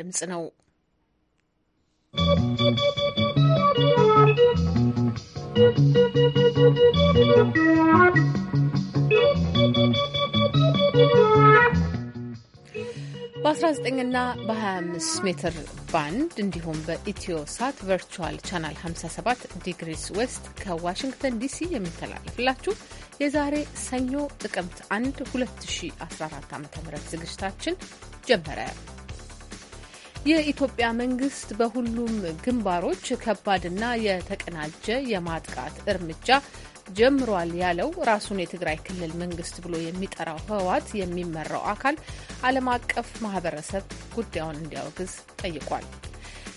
ድምጽ ነው። በ19 ና በ25 ሜትር ባንድ እንዲሁም በኢትዮ ሳት ቨርቹዋል ቻናል 57 ዲግሪስ ዌስት ከዋሽንግተን ዲሲ የሚተላለፍላችሁ የዛሬ ሰኞ ጥቅምት 1 2014 ዓ ም ዝግጅታችን ጀመረ። የኢትዮጵያ መንግስት በሁሉም ግንባሮች ከባድና የተቀናጀ የማጥቃት እርምጃ ጀምሯል ያለው ራሱን የትግራይ ክልል መንግስት ብሎ የሚጠራው ህወሓት የሚመራው አካል ዓለም አቀፍ ማህበረሰብ ጉዳዩን እንዲያወግዝ ጠይቋል።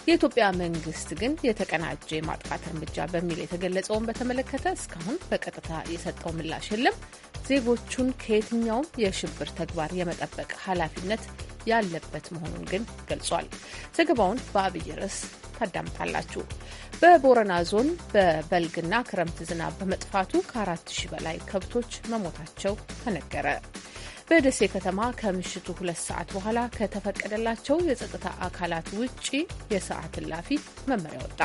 የኢትዮጵያ መንግስት ግን የተቀናጀ የማጥፋት እርምጃ በሚል የተገለጸውን በተመለከተ እስካሁን በቀጥታ የሰጠው ምላሽ የለም። ዜጎቹን ከየትኛውም የሽብር ተግባር የመጠበቅ ኃላፊነት ያለበት መሆኑን ግን ገልጿል። ዘገባውን በአብይ ርዕስ ታዳምጣላችሁ። በቦረና ዞን በበልግና ክረምት ዝናብ በመጥፋቱ ከ4000 በላይ ከብቶች መሞታቸው ተነገረ። በደሴ ከተማ ከምሽቱ ሁለት ሰዓት በኋላ ከተፈቀደላቸው የጸጥታ አካላት ውጪ የሰዓት እላፊ መመሪያ ወጣ።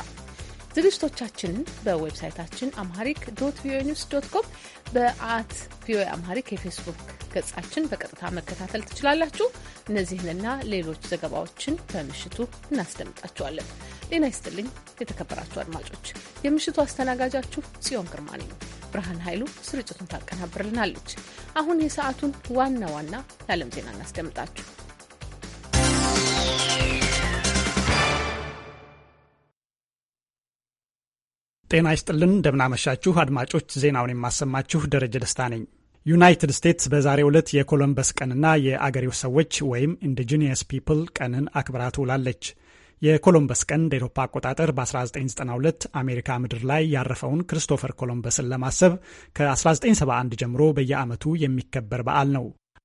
ዝግጅቶቻችንን በዌብሳይታችን አምሃሪክ ዶት ቪኦኤ ኒውስ ዶት ኮም በአት ቪኦኤ አምሃሪክ የፌስቡክ ገጻችን በቀጥታ መከታተል ትችላላችሁ። እነዚህንና ሌሎች ዘገባዎችን በምሽቱ እናስደምጣችኋለን። ጤና ይስጥልኝ የተከበራችሁ አድማጮች፣ የምሽቱ አስተናጋጃችሁ ጽዮን ግርማ ነኝ። ብርሃን ኃይሉ ስርጭቱን ታቀናብርልናለች። አሁን የሰዓቱን ዋና ዋና የዓለም ዜና እናስደምጣችሁ። ጤና ይስጥልን፣ እንደምናመሻችሁ አድማጮች። ዜናውን የማሰማችሁ ደረጀ ደስታ ነኝ። ዩናይትድ ስቴትስ በዛሬው ዕለት የኮሎምበስ ቀንና የአገሬው ሰዎች ወይም ኢንዲጂኒየስ ፒፕል ቀንን አክብራ ትውላለች። የኮሎምበስ ቀን እንደ ኤሮፓ አቆጣጠር በ1992 አሜሪካ ምድር ላይ ያረፈውን ክርስቶፈር ኮሎምበስን ለማሰብ ከ1971 ጀምሮ በየዓመቱ የሚከበር በዓል ነው።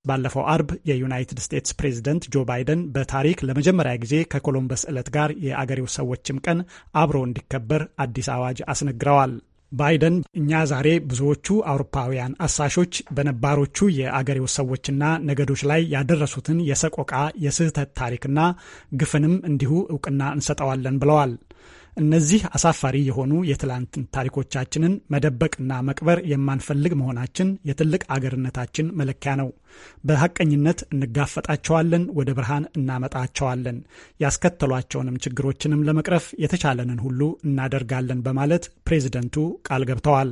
ባለፈው አርብ የዩናይትድ ስቴትስ ፕሬዝደንት ጆ ባይደን በታሪክ ለመጀመሪያ ጊዜ ከኮሎምበስ ዕለት ጋር የአገሬው ሰዎችም ቀን አብሮ እንዲከበር አዲስ አዋጅ አስነግረዋል። ባይደን እኛ ዛሬ ብዙዎቹ አውሮፓውያን አሳሾች በነባሮቹ የአገሬው ሰዎችና ነገዶች ላይ ያደረሱትን የሰቆቃ የስህተት ታሪክና ግፍንም እንዲሁ እውቅና እንሰጠዋለን ብለዋል። እነዚህ አሳፋሪ የሆኑ የትላንት ታሪኮቻችንን መደበቅና መቅበር የማንፈልግ መሆናችን የትልቅ አገርነታችን መለኪያ ነው። በሐቀኝነት እንጋፈጣቸዋለን፣ ወደ ብርሃን እናመጣቸዋለን። ያስከተሏቸውንም ችግሮችንም ለመቅረፍ የተቻለንን ሁሉ እናደርጋለን በማለት ፕሬዝደንቱ ቃል ገብተዋል።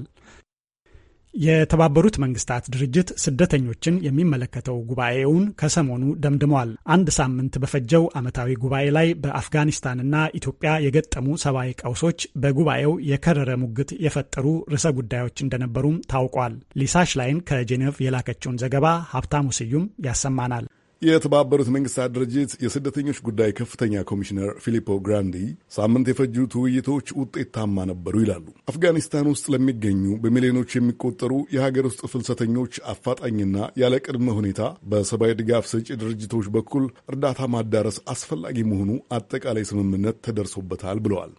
የተባበሩት መንግስታት ድርጅት ስደተኞችን የሚመለከተው ጉባኤውን ከሰሞኑ ደምድሟል። አንድ ሳምንት በፈጀው ዓመታዊ ጉባኤ ላይ በአፍጋኒስታንና ኢትዮጵያ የገጠሙ ሰብአዊ ቀውሶች በጉባኤው የከረረ ሙግት የፈጠሩ ርዕሰ ጉዳዮች እንደነበሩም ታውቋል። ሊሳሽ ላይን ከጄኔቭ የላከችውን ዘገባ ሀብታሙ ስዩም ያሰማናል። የተባበሩት መንግስታት ድርጅት የስደተኞች ጉዳይ ከፍተኛ ኮሚሽነር ፊሊፖ ግራንዲ ሳምንት የፈጁት ውይይቶች ውጤታማ ነበሩ ይላሉ። አፍጋኒስታን ውስጥ ለሚገኙ በሚሊዮኖች የሚቆጠሩ የሀገር ውስጥ ፍልሰተኞች አፋጣኝና ያለ ቅድመ ሁኔታ በሰብአዊ ድጋፍ ሰጪ ድርጅቶች በኩል እርዳታ ማዳረስ አስፈላጊ መሆኑ አጠቃላይ ስምምነት ተደርሶበታል ብለዋል።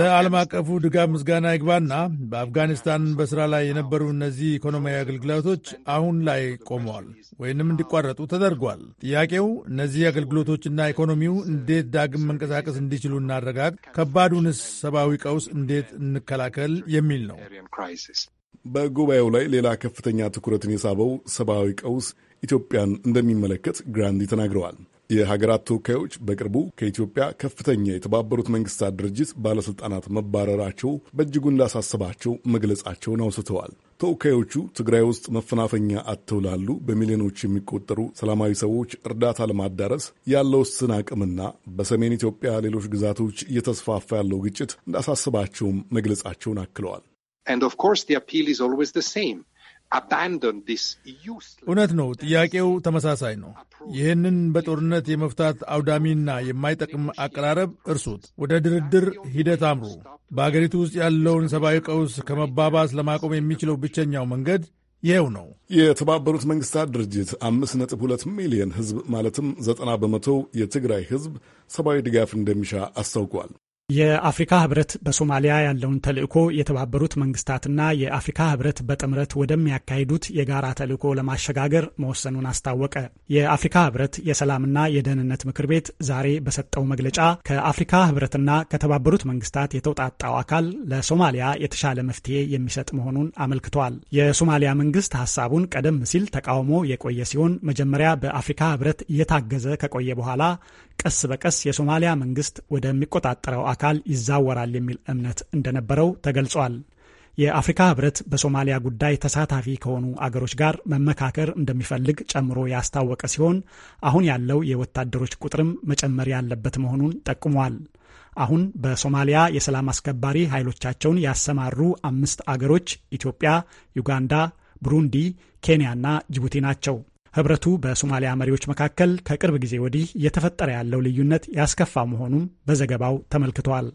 ለዓለም አቀፉ ድጋፍ ምስጋና ይግባና በአፍጋኒስታን በስራ ላይ የነበሩ እነዚህ ኢኮኖሚያዊ አገልግሎቶች አሁን ላይ ቆመዋል ወይንም እንዲቋረጡ ተደርጓል። ጥያቄው እነዚህ አገልግሎቶችና ኢኮኖሚው እንዴት ዳግም መንቀሳቀስ እንዲችሉ እናረጋግ፣ ከባዱንስ ሰብአዊ ቀውስ እንዴት እንከላከል የሚል ነው። በጉባኤው ላይ ሌላ ከፍተኛ ትኩረትን የሳበው ሰብአዊ ቀውስ ኢትዮጵያን እንደሚመለከት ግራንዲ ተናግረዋል። የሀገራት ተወካዮች በቅርቡ ከኢትዮጵያ ከፍተኛ የተባበሩት መንግስታት ድርጅት ባለስልጣናት መባረራቸው በእጅጉ እንዳሳሰባቸው መግለጻቸውን አውስተዋል። ተወካዮቹ ትግራይ ውስጥ መፈናፈኛ አጥተው ላሉ በሚሊዮኖች የሚቆጠሩ ሰላማዊ ሰዎች እርዳታ ለማዳረስ ያለው ውስን አቅምና በሰሜን ኢትዮጵያ ሌሎች ግዛቶች እየተስፋፋ ያለው ግጭት እንዳሳስባቸውም መግለጻቸውን አክለዋል። And of course, the appeal is always the same. እውነት ነው። ጥያቄው ተመሳሳይ ነው። ይህንን በጦርነት የመፍታት አውዳሚና የማይጠቅም አቀራረብ እርሱት። ወደ ድርድር ሂደት አምሩ። በአገሪቱ ውስጥ ያለውን ሰብአዊ ቀውስ ከመባባስ ለማቆም የሚችለው ብቸኛው መንገድ ይኸው ነው። የተባበሩት መንግስታት ድርጅት 52 ሚሊዮን ሕዝብ ማለትም ዘጠና በመቶው የትግራይ ሕዝብ ሰብአዊ ድጋፍ እንደሚሻ አስታውቋል። የአፍሪካ ህብረት በሶማሊያ ያለውን ተልዕኮ የተባበሩት መንግስታትና የአፍሪካ ህብረት በጥምረት ወደሚያካሂዱት የጋራ ተልዕኮ ለማሸጋገር መወሰኑን አስታወቀ። የአፍሪካ ህብረት የሰላምና የደህንነት ምክር ቤት ዛሬ በሰጠው መግለጫ ከአፍሪካ ህብረትና ከተባበሩት መንግስታት የተውጣጣው አካል ለሶማሊያ የተሻለ መፍትሄ የሚሰጥ መሆኑን አመልክቷል። የሶማሊያ መንግስት ሀሳቡን ቀደም ሲል ተቃውሞ የቆየ ሲሆን መጀመሪያ በአፍሪካ ህብረት እየታገዘ ከቆየ በኋላ ቀስ በቀስ የሶማሊያ መንግስት ወደሚቆጣጠረው አካል ይዛወራል የሚል እምነት እንደነበረው ተገልጿል። የአፍሪካ ህብረት በሶማሊያ ጉዳይ ተሳታፊ ከሆኑ አገሮች ጋር መመካከር እንደሚፈልግ ጨምሮ ያስታወቀ ሲሆን አሁን ያለው የወታደሮች ቁጥርም መጨመር ያለበት መሆኑን ጠቁሟል። አሁን በሶማሊያ የሰላም አስከባሪ ኃይሎቻቸውን ያሰማሩ አምስት አገሮች ኢትዮጵያ፣ ዩጋንዳ፣ ብሩንዲ፣ ኬንያና ጅቡቲ ናቸው። ህብረቱ በሶማሊያ መሪዎች መካከል ከቅርብ ጊዜ ወዲህ እየተፈጠረ ያለው ልዩነት ያስከፋ መሆኑም በዘገባው ተመልክቷል።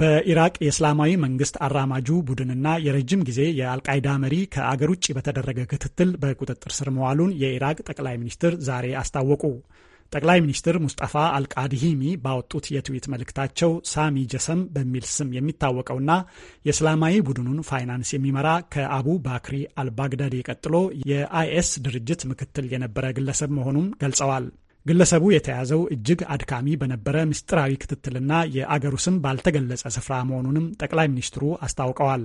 በኢራቅ የእስላማዊ መንግስት አራማጁ ቡድንና የረጅም ጊዜ የአልቃይዳ መሪ ከአገር ውጭ በተደረገ ክትትል በቁጥጥር ስር መዋሉን የኢራቅ ጠቅላይ ሚኒስትር ዛሬ አስታወቁ። ጠቅላይ ሚኒስትር ሙስጠፋ አልቃድሂሚ ባወጡት የትዊት መልእክታቸው ሳሚ ጀሰም በሚል ስም የሚታወቀውና የእስላማዊ ቡድኑን ፋይናንስ የሚመራ ከአቡ ባክሪ አልባግዳዲ ቀጥሎ የአይኤስ ድርጅት ምክትል የነበረ ግለሰብ መሆኑን ገልጸዋል። ግለሰቡ የተያዘው እጅግ አድካሚ በነበረ ምስጢራዊ ክትትልና የአገሩ ስም ባልተገለጸ ስፍራ መሆኑንም ጠቅላይ ሚኒስትሩ አስታውቀዋል።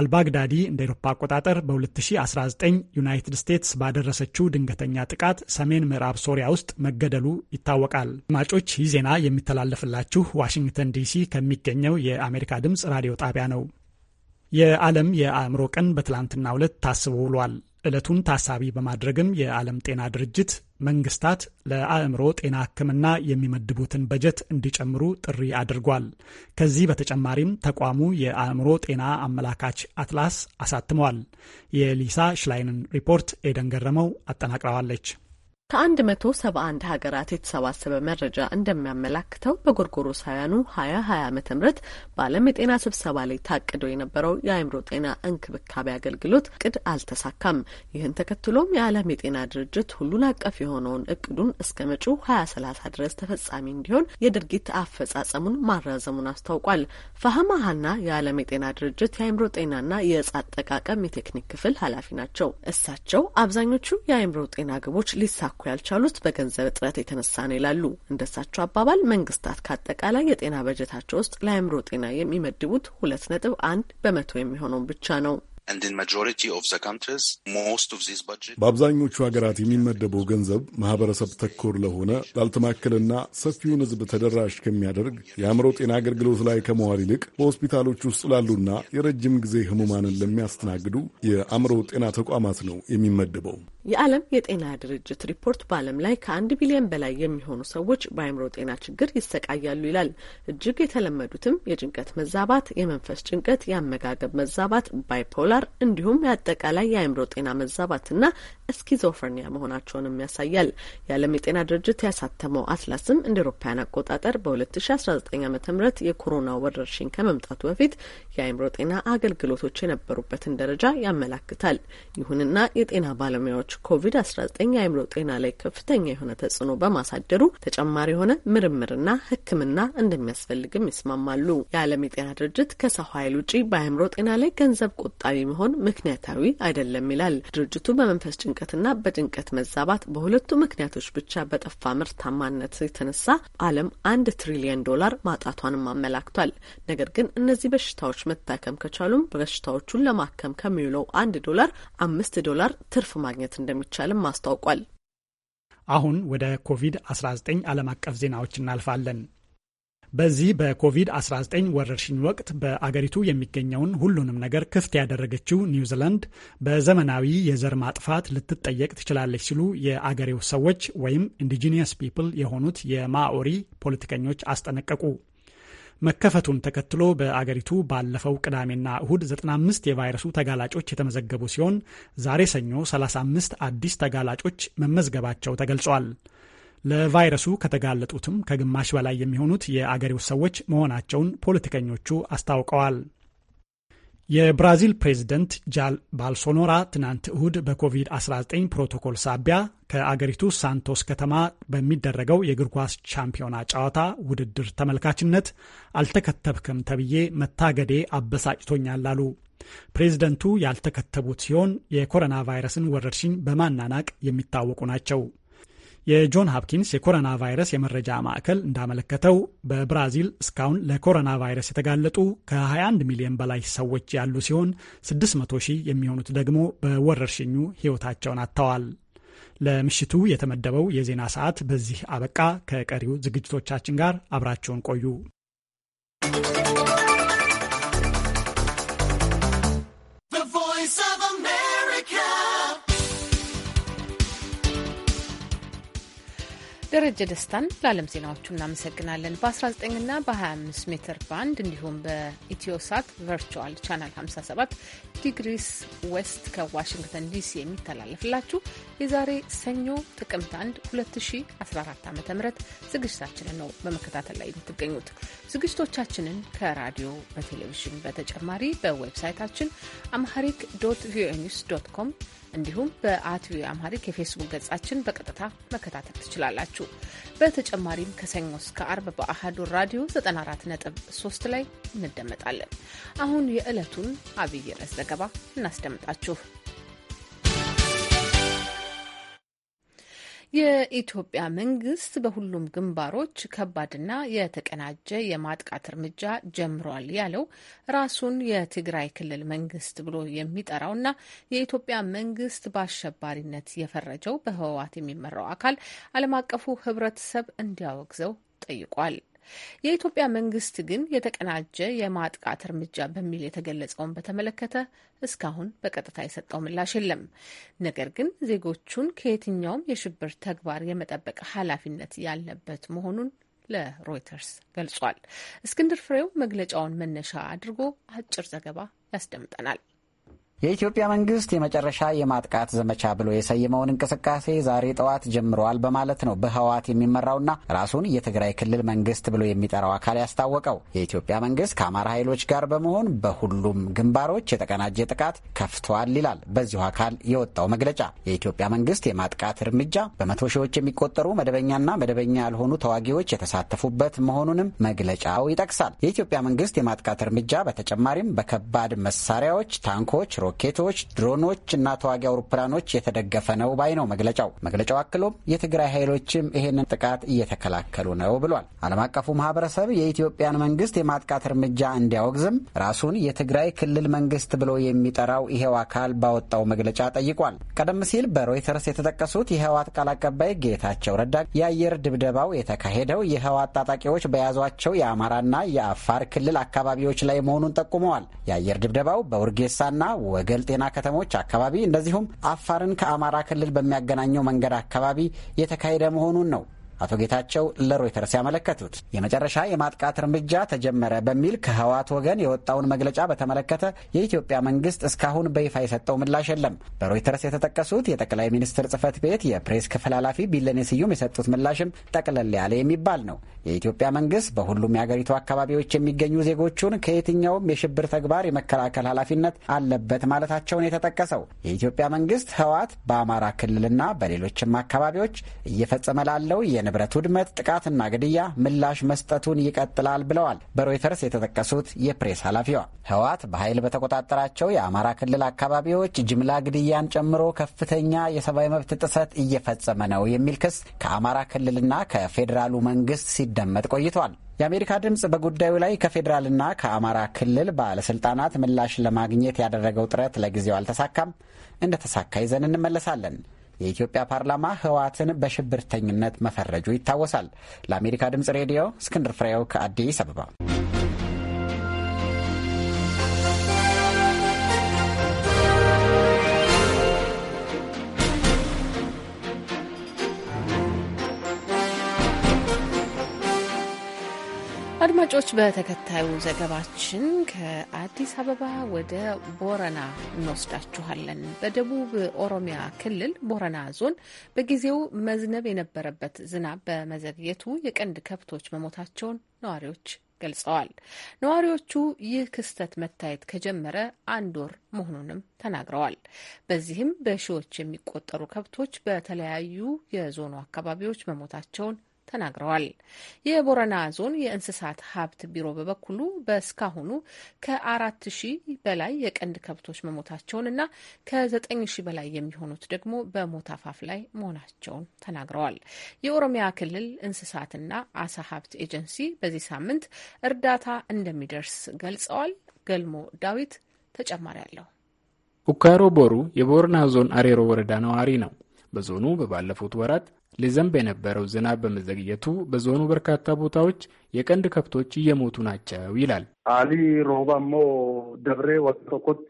አልባግዳዲ እንደ ኤሮፓ አቆጣጠር በ2019 ዩናይትድ ስቴትስ ባደረሰችው ድንገተኛ ጥቃት ሰሜን ምዕራብ ሶሪያ ውስጥ መገደሉ ይታወቃል። አድማጮች ይህ ዜና የሚተላለፍላችሁ ዋሽንግተን ዲሲ ከሚገኘው የአሜሪካ ድምፅ ራዲዮ ጣቢያ ነው። የዓለም የአእምሮ ቀን በትላንትናው ዕለት ታስቦ ውሏል። ዕለቱን ታሳቢ በማድረግም የዓለም ጤና ድርጅት መንግስታት ለአእምሮ ጤና ሕክምና የሚመድቡትን በጀት እንዲጨምሩ ጥሪ አድርጓል። ከዚህ በተጨማሪም ተቋሙ የአእምሮ ጤና አመላካች አትላስ አሳትመዋል። የሊሳ ሽላይንን ሪፖርት ኤደን ገረመው አጠናቅረዋለች። ከአንድ መቶ ሰባ አንድ ሀገራት የተሰባሰበ መረጃ እንደሚያመላክተው በጎርጎሮሳውያኑ ሀያ ሀያ ዓመተ ምህረት በዓለም የጤና ስብሰባ ላይ ታቅዶ የነበረው የአእምሮ ጤና እንክብካቤ አገልግሎት እቅድ አልተሳካም። ይህን ተከትሎም የዓለም የጤና ድርጅት ሁሉን አቀፍ የሆነውን እቅዱን እስከ መጪው ሀያ ሰላሳ ድረስ ተፈጻሚ እንዲሆን የድርጊት አፈጻጸሙን ማራዘሙን አስታውቋል። ፋህማ ሀና የዓለም የጤና ድርጅት የአእምሮ ጤናና የእጽ አጠቃቀም የቴክኒክ ክፍል ኃላፊ ናቸው። እሳቸው አብዛኞቹ የአእምሮ ጤና ግቦች ሊሳ ሊሳኩ ያልቻሉት በገንዘብ እጥረት የተነሳ ነው ይላሉ። እንደሳቸው አባባል መንግስታት ከአጠቃላይ የጤና በጀታቸው ውስጥ ለአእምሮ ጤና የሚመድቡት ሁለት ነጥብ አንድ በመቶ የሚሆነውን ብቻ ነው። በአብዛኞቹ ሀገራት የሚመደበው ገንዘብ ማህበረሰብ ተኮር ለሆነ ላልተማከለና ሰፊውን ሕዝብ ተደራሽ ከሚያደርግ የአእምሮ ጤና አገልግሎት ላይ ከመዋል ይልቅ በሆስፒታሎች ውስጥ ላሉና የረጅም ጊዜ ህሙማንን ለሚያስተናግዱ የአእምሮ ጤና ተቋማት ነው የሚመደበው። የዓለም የጤና ድርጅት ሪፖርት በዓለም ላይ ከአንድ ቢሊዮን በላይ የሚሆኑ ሰዎች በአእምሮ ጤና ችግር ይሰቃያሉ ይላል። እጅግ የተለመዱትም የጭንቀት መዛባት፣ የመንፈስ ጭንቀት፣ የአመጋገብ መዛባት፣ ባይፖላር እንዲሁም የአጠቃላይ የአእምሮ ጤና መዛባትና እስኪዞፍርኒያ መሆናቸውንም ያሳያል። የዓለም የጤና ድርጅት ያሳተመው አትላስም እንደ ኤሮፓያን አቆጣጠር በ2019 ዓ ም የኮሮና ወረርሽኝ ከመምጣቱ በፊት የአእምሮ ጤና አገልግሎቶች የነበሩበትን ደረጃ ያመላክታል። ይሁንና የጤና ባለሙያዎች ኮቪድ-19 የአእምሮ ጤና ላይ ከፍተኛ የሆነ ተጽዕኖ በማሳደሩ ተጨማሪ የሆነ ምርምርና ሕክምና እንደሚያስፈልግም ይስማማሉ። የዓለም የጤና ድርጅት ከሰው ኃይል ውጪ በአእምሮ ጤና ላይ ገንዘብ ቆጣቢ መሆን ምክንያታዊ አይደለም ይላል። ድርጅቱ በመንፈስ ጭንቀትና በጭንቀት መዛባት በሁለቱ ምክንያቶች ብቻ በጠፋ ምርታማነት የተነሳ ዓለም አንድ ትሪሊየን ዶላር ማጣቷንም አመላክቷል። ነገር ግን እነዚህ በሽታዎች መታከም ከቻሉም በሽታዎቹን ለማከም ከሚውለው አንድ ዶላር አምስት ዶላር ትርፍ ማግኘት እንደሚቻልም አስታውቋል። አሁን ወደ ኮቪድ-19 ዓለም አቀፍ ዜናዎች እናልፋለን። በዚህ በኮቪድ-19 ወረርሽኝ ወቅት በአገሪቱ የሚገኘውን ሁሉንም ነገር ክፍት ያደረገችው ኒውዚላንድ በዘመናዊ የዘር ማጥፋት ልትጠየቅ ትችላለች ሲሉ የአገሬው ሰዎች ወይም ኢንዲጂኒየስ ፒፕል የሆኑት የማኦሪ ፖለቲከኞች አስጠነቀቁ። መከፈቱን ተከትሎ በአገሪቱ ባለፈው ቅዳሜና እሁድ 95 የቫይረሱ ተጋላጮች የተመዘገቡ ሲሆን ዛሬ ሰኞ 35 አዲስ ተጋላጮች መመዝገባቸው ተገልጿል። ለቫይረሱ ከተጋለጡትም ከግማሽ በላይ የሚሆኑት የአገሬው ሰዎች መሆናቸውን ፖለቲከኞቹ አስታውቀዋል። የብራዚል ፕሬዝደንት ጃል ባልሶኖራ ትናንት እሁድ በኮቪድ-19 ፕሮቶኮል ሳቢያ ከአገሪቱ ሳንቶስ ከተማ በሚደረገው የእግር ኳስ ሻምፒዮና ጨዋታ ውድድር ተመልካችነት አልተከተብክም ተብዬ መታገዴ አበሳጭቶኛል አሉ። ፕሬዝደንቱ ያልተከተቡት ሲሆን የኮሮና ቫይረስን ወረርሽኝ በማናናቅ የሚታወቁ ናቸው። የጆን ሀፕኪንስ የኮሮና ቫይረስ የመረጃ ማዕከል እንዳመለከተው በብራዚል እስካሁን ለኮሮና ቫይረስ የተጋለጡ ከ21 ሚሊዮን በላይ ሰዎች ያሉ ሲሆን 600 ሺህ የሚሆኑት ደግሞ በወረርሽኙ ሕይወታቸውን አጥተዋል። ለምሽቱ የተመደበው የዜና ሰዓት በዚህ አበቃ። ከቀሪው ዝግጅቶቻችን ጋር አብራችሁን ቆዩ። ደረጀ ደስታን ለዓለም ዜናዎቹ እናመሰግናለን። በ19ና በ25 ሜትር ባንድ እንዲሁም በኢትዮሳት ቨርቹዋል ቻናል 57 ዲግሪስ ዌስት ከዋሽንግተን ዲሲ የሚተላለፍላችሁ የዛሬ ሰኞ ጥቅምት 1 2014 ዓ ም ዝግጅታችንን ነው በመከታተል ላይ የምትገኙት። ዝግጅቶቻችንን ከራዲዮ በቴሌቪዥን በተጨማሪ በዌብሳይታችን አምሃሪክ ዶት ቪኦኤ ኒውስ ዶት ኮም እንዲሁም በአት ቪኦኤ አምሃሪክ የፌስቡክ ገጻችን በቀጥታ መከታተል ትችላላችሁ። በተጨማሪም ከሰኞ እስከ አርብ በአህዱ ራዲዮ 94.3 ላይ እንደመጣለን። አሁን የዕለቱን አብይ ርዕስ ዘገባ እናስደምጣችሁ። የኢትዮጵያ መንግስት በሁሉም ግንባሮች ከባድና የተቀናጀ የማጥቃት እርምጃ ጀምሯል ያለው ራሱን የትግራይ ክልል መንግስት ብሎ የሚጠራው እና የኢትዮጵያ መንግስት በአሸባሪነት የፈረጀው በህወሓት የሚመራው አካል ዓለም አቀፉ ህብረተሰብ እንዲያወግዘው ጠይቋል። የኢትዮጵያ መንግስት ግን የተቀናጀ የማጥቃት እርምጃ በሚል የተገለጸውን በተመለከተ እስካሁን በቀጥታ የሰጠው ምላሽ የለም። ነገር ግን ዜጎቹን ከየትኛውም የሽብር ተግባር የመጠበቅ ኃላፊነት ያለበት መሆኑን ለሮይተርስ ገልጿል። እስክንድር ፍሬው መግለጫውን መነሻ አድርጎ አጭር ዘገባ ያስደምጠናል። የኢትዮጵያ መንግስት የመጨረሻ የማጥቃት ዘመቻ ብሎ የሰየመውን እንቅስቃሴ ዛሬ ጠዋት ጀምረዋል በማለት ነው በህወሓት የሚመራውና ራሱን የትግራይ ክልል መንግስት ብሎ የሚጠራው አካል ያስታወቀው። የኢትዮጵያ መንግስት ከአማራ ኃይሎች ጋር በመሆን በሁሉም ግንባሮች የተቀናጀ ጥቃት ከፍተዋል ይላል በዚሁ አካል የወጣው መግለጫ። የኢትዮጵያ መንግስት የማጥቃት እርምጃ በመቶ ሺዎች የሚቆጠሩ መደበኛና መደበኛ ያልሆኑ ተዋጊዎች የተሳተፉበት መሆኑንም መግለጫው ይጠቅሳል። የኢትዮጵያ መንግስት የማጥቃት እርምጃ በተጨማሪም በከባድ መሳሪያዎች፣ ታንኮች፣ ሮኬቶች፣ ድሮኖች እና ተዋጊ አውሮፕላኖች የተደገፈ ነው ባይ ነው መግለጫው። መግለጫው አክሎም የትግራይ ኃይሎችም ይህንን ጥቃት እየተከላከሉ ነው ብሏል። ዓለም አቀፉ ማህበረሰብ የኢትዮጵያን መንግስት የማጥቃት እርምጃ እንዲያወግዝም ራሱን የትግራይ ክልል መንግስት ብሎ የሚጠራው ይሄው አካል ባወጣው መግለጫ ጠይቋል። ቀደም ሲል በሮይተርስ የተጠቀሱት የህወሓት ቃል አቀባይ ጌታቸው ረዳ የአየር ድብደባው የተካሄደው የህወሓት ታጣቂዎች በያዟቸው የአማራና የአፋር ክልል አካባቢዎች ላይ መሆኑን ጠቁመዋል። የአየር ድብደባው በውርጌሳና ወገል ጤና ከተሞች አካባቢ እንደዚሁም አፋርን ከአማራ ክልል በሚያገናኘው መንገድ አካባቢ የተካሄደ መሆኑን ነው አቶ ጌታቸው ለሮይተርስ ያመለከቱት። የመጨረሻ የማጥቃት እርምጃ ተጀመረ በሚል ከህወሓት ወገን የወጣውን መግለጫ በተመለከተ የኢትዮጵያ መንግስት እስካሁን በይፋ የሰጠው ምላሽ የለም። በሮይተርስ የተጠቀሱት የጠቅላይ ሚኒስትር ጽህፈት ቤት የፕሬስ ክፍል ኃላፊ ቢለኔ ስዩም የሰጡት ምላሽም ጠቅለል ያለ የሚባል ነው። የኢትዮጵያ መንግስት በሁሉም የአገሪቱ አካባቢዎች የሚገኙ ዜጎቹን ከየትኛውም የሽብር ተግባር የመከላከል ኃላፊነት አለበት ማለታቸውን የተጠቀሰው የኢትዮጵያ መንግስት ህወሓት በአማራ ክልልና በሌሎችም አካባቢዎች እየፈጸመ ላለው የንብ ንብረት ውድመት፣ ጥቃትና ግድያ ምላሽ መስጠቱን ይቀጥላል ብለዋል በሮይተርስ የተጠቀሱት የፕሬስ ኃላፊዋ። ህወሓት በኃይል በተቆጣጠራቸው የአማራ ክልል አካባቢዎች ጅምላ ግድያን ጨምሮ ከፍተኛ የሰብአዊ መብት ጥሰት እየፈጸመ ነው የሚል ክስ ከአማራ ክልልና ከፌዴራሉ መንግስት ሲደመጥ ቆይቷል። የአሜሪካ ድምፅ በጉዳዩ ላይ ከፌዴራልና ከአማራ ክልል ባለስልጣናት ምላሽ ለማግኘት ያደረገው ጥረት ለጊዜው አልተሳካም። እንደተሳካ ይዘን እንመለሳለን። የኢትዮጵያ ፓርላማ ህወሓትን በሽብርተኝነት መፈረጁ ይታወሳል። ለአሜሪካ ድምጽ ሬዲዮ እስክንድር ፍሬው ከአዲስ አበባ አድማጮች በተከታዩ ዘገባችን ከአዲስ አበባ ወደ ቦረና እንወስዳችኋለን። በደቡብ ኦሮሚያ ክልል ቦረና ዞን በጊዜው መዝነብ የነበረበት ዝናብ በመዘግየቱ የቀንድ ከብቶች መሞታቸውን ነዋሪዎች ገልጸዋል። ነዋሪዎቹ ይህ ክስተት መታየት ከጀመረ አንድ ወር መሆኑንም ተናግረዋል። በዚህም በሺዎች የሚቆጠሩ ከብቶች በተለያዩ የዞኑ አካባቢዎች መሞታቸውን ተናግረዋል። የቦረና ዞን የእንስሳት ሀብት ቢሮ በበኩሉ በእስካሁኑ ከአራት ሺህ በላይ የቀንድ ከብቶች መሞታቸውንና ከዘጠኝ ሺህ በላይ የሚሆኑት ደግሞ በሞት አፋፍ ላይ መሆናቸውን ተናግረዋል። የኦሮሚያ ክልል እንስሳትና አሳ ሀብት ኤጀንሲ በዚህ ሳምንት እርዳታ እንደሚደርስ ገልጸዋል። ገልሞ ዳዊት ተጨማሪ አለው። ኡካሮ ቦሩ የቦረና ዞን አሬሮ ወረዳ ነዋሪ ነው። በዞኑ በባለፉት ወራት ሊዘንብ የነበረው ዝናብ በመዘግየቱ በዞኑ በርካታ ቦታዎች የቀንድ ከብቶች እየሞቱ ናቸው ይላል። አሊ ሮባሞ ደብሬ ወቶኮቲ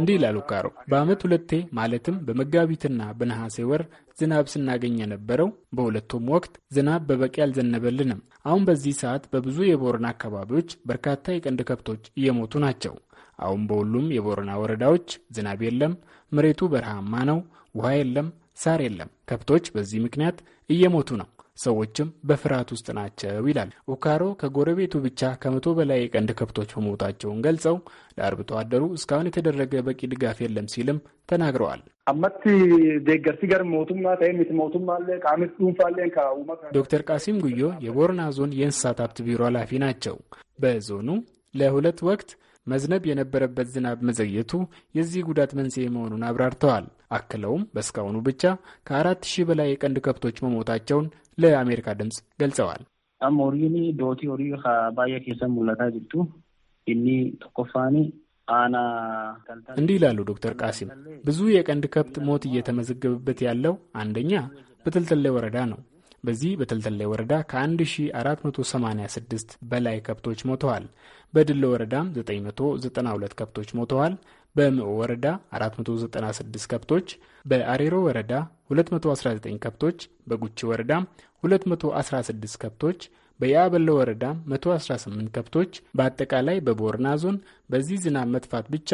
እንዲህ ይላሉ ካሮ በአመት ሁለቴ ማለትም በመጋቢትና በነሐሴ ወር ዝናብ ስናገኝ የነበረው በሁለቱም ወቅት ዝናብ በበቂ አልዘነበልንም። አሁን በዚህ ሰዓት በብዙ የቦረና አካባቢዎች በርካታ የቀንድ ከብቶች እየሞቱ ናቸው። አሁን በሁሉም የቦረና ወረዳዎች ዝናብ የለም። መሬቱ በረሃማ ነው። ውሃ የለም። ሳር የለም። ከብቶች በዚህ ምክንያት እየሞቱ ነው። ሰዎችም በፍርሃት ውስጥ ናቸው ይላል ኡካሮ። ከጎረቤቱ ብቻ ከመቶ በላይ የቀንድ ከብቶች መሞታቸውን ገልጸው ለአርብቶ አደሩ እስካሁን የተደረገ በቂ ድጋፍ የለም ሲልም ተናግረዋል። አመት ደገርሲ ገር ሞቱማ ተሚት ሞቱማ አለ ቃሚስ ዱንፋለን ከኡማ ዶክተር ቃሲም ጉዮ የቦረና ዞን የእንስሳት ሀብት ቢሮ ኃላፊ ናቸው። በዞኑ ለሁለት ወቅት መዝነብ የነበረበት ዝናብ መዘግየቱ የዚህ ጉዳት መንስኤ መሆኑን አብራርተዋል። አክለውም በእስካሁኑ ብቻ ከአራት ሺህ በላይ የቀንድ ከብቶች መሞታቸውን ለአሜሪካ ድምፅ ገልጸዋል። አሞሪኒ ዶቲ ባየ ኬሰ ሙለታ ጅቱ እኒ ተቆፋኒ እንዲህ ይላሉ ዶክተር ቃሲም። ብዙ የቀንድ ከብት ሞት እየተመዘገበበት ያለው አንደኛ በተልተሌ ወረዳ ነው። በዚህ በተልተላይ ወረዳ ከ1486 በላይ ከብቶች ሞተዋል። በድሎ ወረዳም 992 ከብቶች ሞተዋል። በምኦ ወረዳ 496 ከብቶች፣ በአሬሮ ወረዳ 219 ከብቶች፣ በጉቺ ወረዳ 216 ከብቶች፣ በያበለ ወረዳ 118 ከብቶች በአጠቃላይ በቦርና ዞን በዚህ ዝናብ መጥፋት ብቻ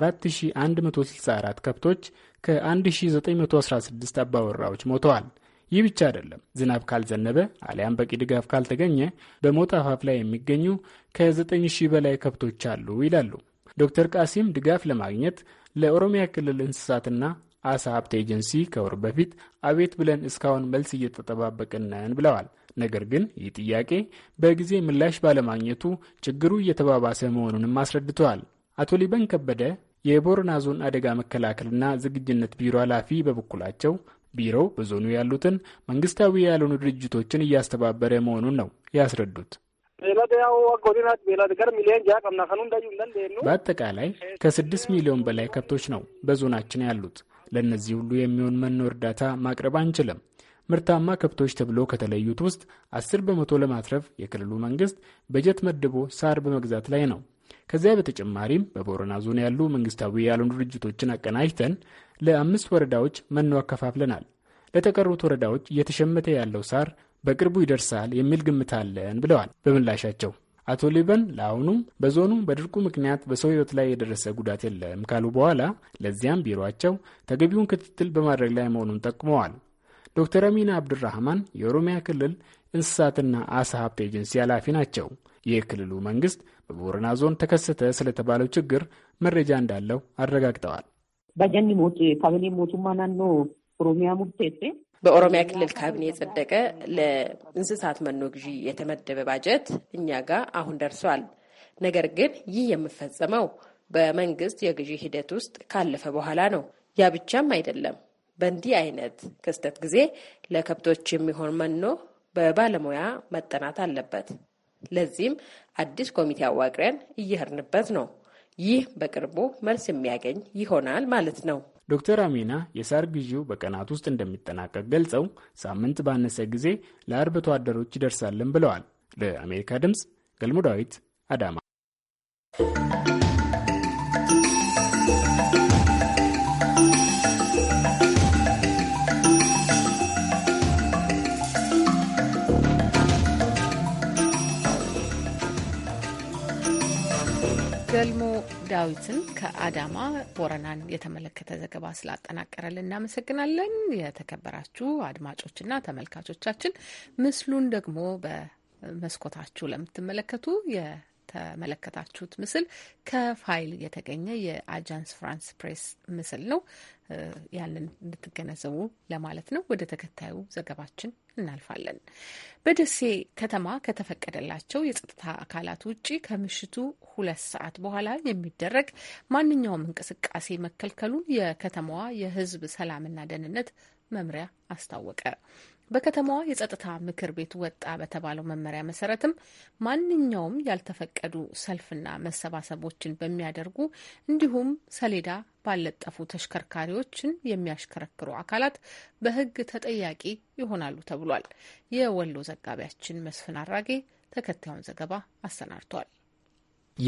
4164 ከብቶች ከ1916 አባወራዎች ሞተዋል። ይህ ብቻ አይደለም። ዝናብ ካልዘነበ አሊያም በቂ ድጋፍ ካልተገኘ በሞት አፋፍ ላይ የሚገኙ ከዘጠኝ ሺህ በላይ ከብቶች አሉ ይላሉ ዶክተር ቃሲም። ድጋፍ ለማግኘት ለኦሮሚያ ክልል እንስሳትና አሳ ሀብት ኤጀንሲ ከወር በፊት አቤት ብለን እስካሁን መልስ እየተጠባበቅን ብለዋል። ነገር ግን ይህ ጥያቄ በጊዜ ምላሽ ባለማግኘቱ ችግሩ እየተባባሰ መሆኑንም አስረድተዋል። አቶ ሊበን ከበደ የቦረና ዞን አደጋ መከላከልና ዝግጅነት ቢሮ ኃላፊ በበኩላቸው ቢሮው በዞኑ ያሉትን መንግስታዊ ያልሆኑ ድርጅቶችን እያስተባበረ መሆኑን ነው ያስረዱት። በአጠቃላይ ከስድስት ሚሊዮን በላይ ከብቶች ነው በዞናችን ያሉት። ለእነዚህ ሁሉ የሚሆን መኖ እርዳታ ማቅረብ አንችልም። ምርታማ ከብቶች ተብሎ ከተለዩት ውስጥ አስር በመቶ ለማትረፍ የክልሉ መንግስት በጀት መድቦ ሳር በመግዛት ላይ ነው። ከዚያ በተጨማሪም በቦረና ዞን ያሉ መንግስታዊ ያልሆኑ ድርጅቶችን አቀናጅተን ለአምስት ወረዳዎች መኖ አከፋፍለናል። ለተቀሩት ወረዳዎች እየተሸመተ ያለው ሳር በቅርቡ ይደርሳል የሚል ግምት አለን ብለዋል። በምላሻቸው አቶ ሊበን ለአሁኑም በዞኑ በድርቁ ምክንያት በሰው ሕይወት ላይ የደረሰ ጉዳት የለም ካሉ በኋላ ለዚያም ቢሮቸው ተገቢውን ክትትል በማድረግ ላይ መሆኑን ጠቁመዋል። ዶክተር አሚና አብድራህማን የኦሮሚያ ክልል እንስሳትና አሳ ሀብት ኤጀንሲ ኃላፊ ናቸው። የክልሉ መንግስት በቦረና ዞን ተከሰተ ስለተባለው ችግር መረጃ እንዳለው አረጋግጠዋል። በጀኒ ሞት ከብኔ ሞቱማ ናኖ ኦሮሚያ ሙርቴቴ በኦሮሚያ ክልል ካቢኔ የጸደቀ ለእንስሳት መኖ ግዢ የተመደበ ባጀት እኛ ጋር አሁን ደርሷል። ነገር ግን ይህ የምፈጸመው በመንግስት የግዢ ሂደት ውስጥ ካለፈ በኋላ ነው። ያ ብቻም አይደለም። በእንዲህ አይነት ክስተት ጊዜ ለከብቶች የሚሆን መኖ በባለሙያ መጠናት አለበት። ለዚህም አዲስ ኮሚቴ አዋቅረን እየሄድንበት ነው። ይህ በቅርቡ መልስ የሚያገኝ ይሆናል ማለት ነው። ዶክተር አሚና የሳር ግዢው በቀናት ውስጥ እንደሚጠናቀቅ ገልጸው ሳምንት ባነሰ ጊዜ ለአርብቶ አደሮች ይደርሳልን ብለዋል። ለአሜሪካ ድምፅ ገልሞ ዳዊት አዳማ ዳዊትን ከአዳማ ቦረናን የተመለከተ ዘገባ ስላጠናቀረልን እናመሰግናለን። የተከበራችሁ አድማጮችና ተመልካቾቻችን ምስሉን ደግሞ በመስኮታችሁ ለምትመለከቱ የተመለከታችሁት ምስል ከፋይል የተገኘ የአጃንስ ፍራንስ ፕሬስ ምስል ነው። ያንን እንድትገነዘቡ ለማለት ነው። ወደ ተከታዩ ዘገባችን እናልፋለን። በደሴ ከተማ ከተፈቀደላቸው የጸጥታ አካላት ውጪ ከምሽቱ ሁለት ሰዓት በኋላ የሚደረግ ማንኛውም እንቅስቃሴ መከልከሉን የከተማዋ የሕዝብ ሰላምና ደህንነት መምሪያ አስታወቀ። በከተማዋ የጸጥታ ምክር ቤት ወጣ በተባለው መመሪያ መሰረትም ማንኛውም ያልተፈቀዱ ሰልፍና መሰባሰቦችን በሚያደርጉ እንዲሁም ሰሌዳ ባልለጠፉ ተሽከርካሪዎችን የሚያሽከረክሩ አካላት በሕግ ተጠያቂ ይሆናሉ ተብሏል። የወሎ ዘጋቢያችን መስፍን አራጌ ተከታዩን ዘገባ አሰናድቷል።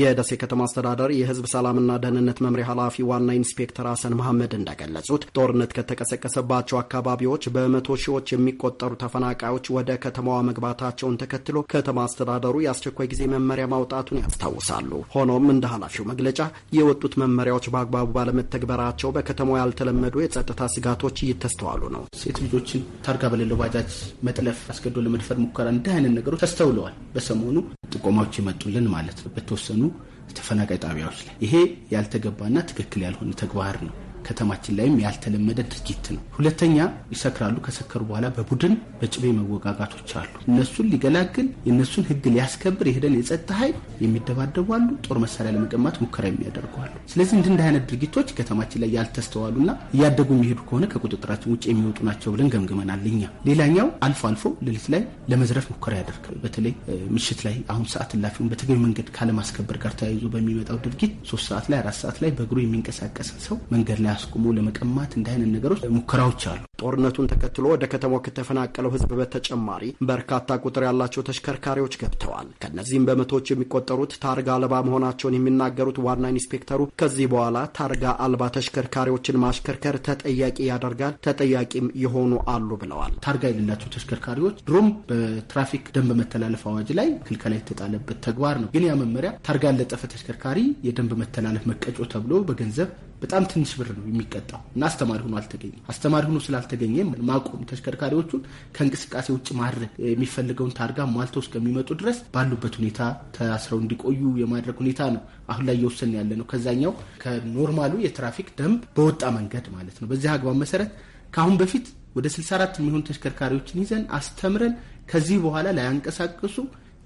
የደሴ ከተማ አስተዳደር የህዝብ ሰላምና ደህንነት መምሪያ ኃላፊ ዋና ኢንስፔክተር ሀሰን መሐመድ እንደገለጹት ጦርነት ከተቀሰቀሰባቸው አካባቢዎች በመቶ ሺዎች የሚቆጠሩ ተፈናቃዮች ወደ ከተማዋ መግባታቸውን ተከትሎ ከተማ አስተዳደሩ የአስቸኳይ ጊዜ መመሪያ ማውጣቱን ያስታውሳሉ። ሆኖም እንደ ኃላፊው መግለጫ የወጡት መመሪያዎች በአግባቡ ባለመተግበራቸው በከተማዋ ያልተለመዱ የጸጥታ ስጋቶች እየተስተዋሉ ነው። ሴት ልጆችን ታርጋ በሌለው ባጃጅ መጥለፍ፣ አስገድዶ ለመድፈር ሙከራ፣ እንዲህ አይነት ነገሮች ተስተውለዋል። በሰሞኑ ጥቆማዎች ይመጡልን ማለት ነው በተወሰኑ የተወሰኑ ተፈናቃይ ጣቢያዎች ላይ ይሄ ያልተገባና ትክክል ያልሆነ ተግባር ነው። ከተማችን ላይም ያልተለመደ ድርጊት ነው። ሁለተኛ ይሰክራሉ። ከሰከሩ በኋላ በቡድን በጭቤ መወጋጋቶች አሉ። እነሱን ሊገላግል የእነሱን ህግ ሊያስከብር የሄደን የጸጥታ ኃይል የሚደባደቡ አሉ። ጦር መሳሪያ ለመቀማት ሙከራ የሚያደርጉ አሉ። ስለዚህ እንዲህ አይነት ድርጊቶች ከተማችን ላይ ያልተስተዋሉና እያደጉ የሚሄዱ ከሆነ ከቁጥጥራችን ውጭ የሚወጡ ናቸው ብለን ገምግመናል። እኛ ሌላኛው አልፎ አልፎ ሌሊት ላይ ለመዝረፍ ሙከራ ያደርጋል። በተለይ ምሽት ላይ አሁን ሰዓት እላፊውን በተገቢ መንገድ ካለማስከበር ጋር ተያይዞ በሚመጣው ድርጊት ሶስት ሰዓት ላይ አራት ሰዓት ላይ በእግሩ የሚንቀሳቀስን ሰው መንገድ ላይ አያስቆሙ ለመቀማት እንዲህ አይነት ነገሮች ሙከራዎች አሉ። ጦርነቱን ተከትሎ ወደ ከተማ ከተፈናቀለው ህዝብ በተጨማሪ በርካታ ቁጥር ያላቸው ተሽከርካሪዎች ገብተዋል። ከእነዚህም በመቶዎች የሚቆጠሩት ታርጋ አልባ መሆናቸውን የሚናገሩት ዋና ኢንስፔክተሩ ከዚህ በኋላ ታርጋ አልባ ተሽከርካሪዎችን ማሽከርከር ተጠያቂ ያደርጋል፣ ተጠያቂም የሆኑ አሉ ብለዋል። ታርጋ የሌላቸው ተሽከርካሪዎች ድሮም በትራፊክ ደንብ መተላለፍ አዋጅ ላይ ክልከላ የተጣለበት ተግባር ነው። ግን ያ መመሪያ ታርጋ ለጠፈ ተሽከርካሪ የደንብ መተላለፍ መቀጮ ተብሎ በገንዘብ በጣም ትንሽ ብር ነው የሚቀጣው እና አስተማሪ ሆኖ አልተገኘ። አስተማሪ ሆኖ ስላልተገኘ ማቆም ተሽከርካሪዎቹን ከእንቅስቃሴ ውጭ ማድረግ የሚፈልገውን ታርጋ ሟልተው እስከሚመጡ ድረስ ባሉበት ሁኔታ ተስረው እንዲቆዩ የማድረግ ሁኔታ ነው አሁን ላይ እየወሰን ያለ ነው። ከዛኛው ከኖርማሉ የትራፊክ ደንብ በወጣ መንገድ ማለት ነው። በዚህ አግባብ መሰረት ከአሁን በፊት ወደ 64 የሚሆኑ ተሽከርካሪዎችን ይዘን አስተምረን ከዚህ በኋላ ላያንቀሳቀሱ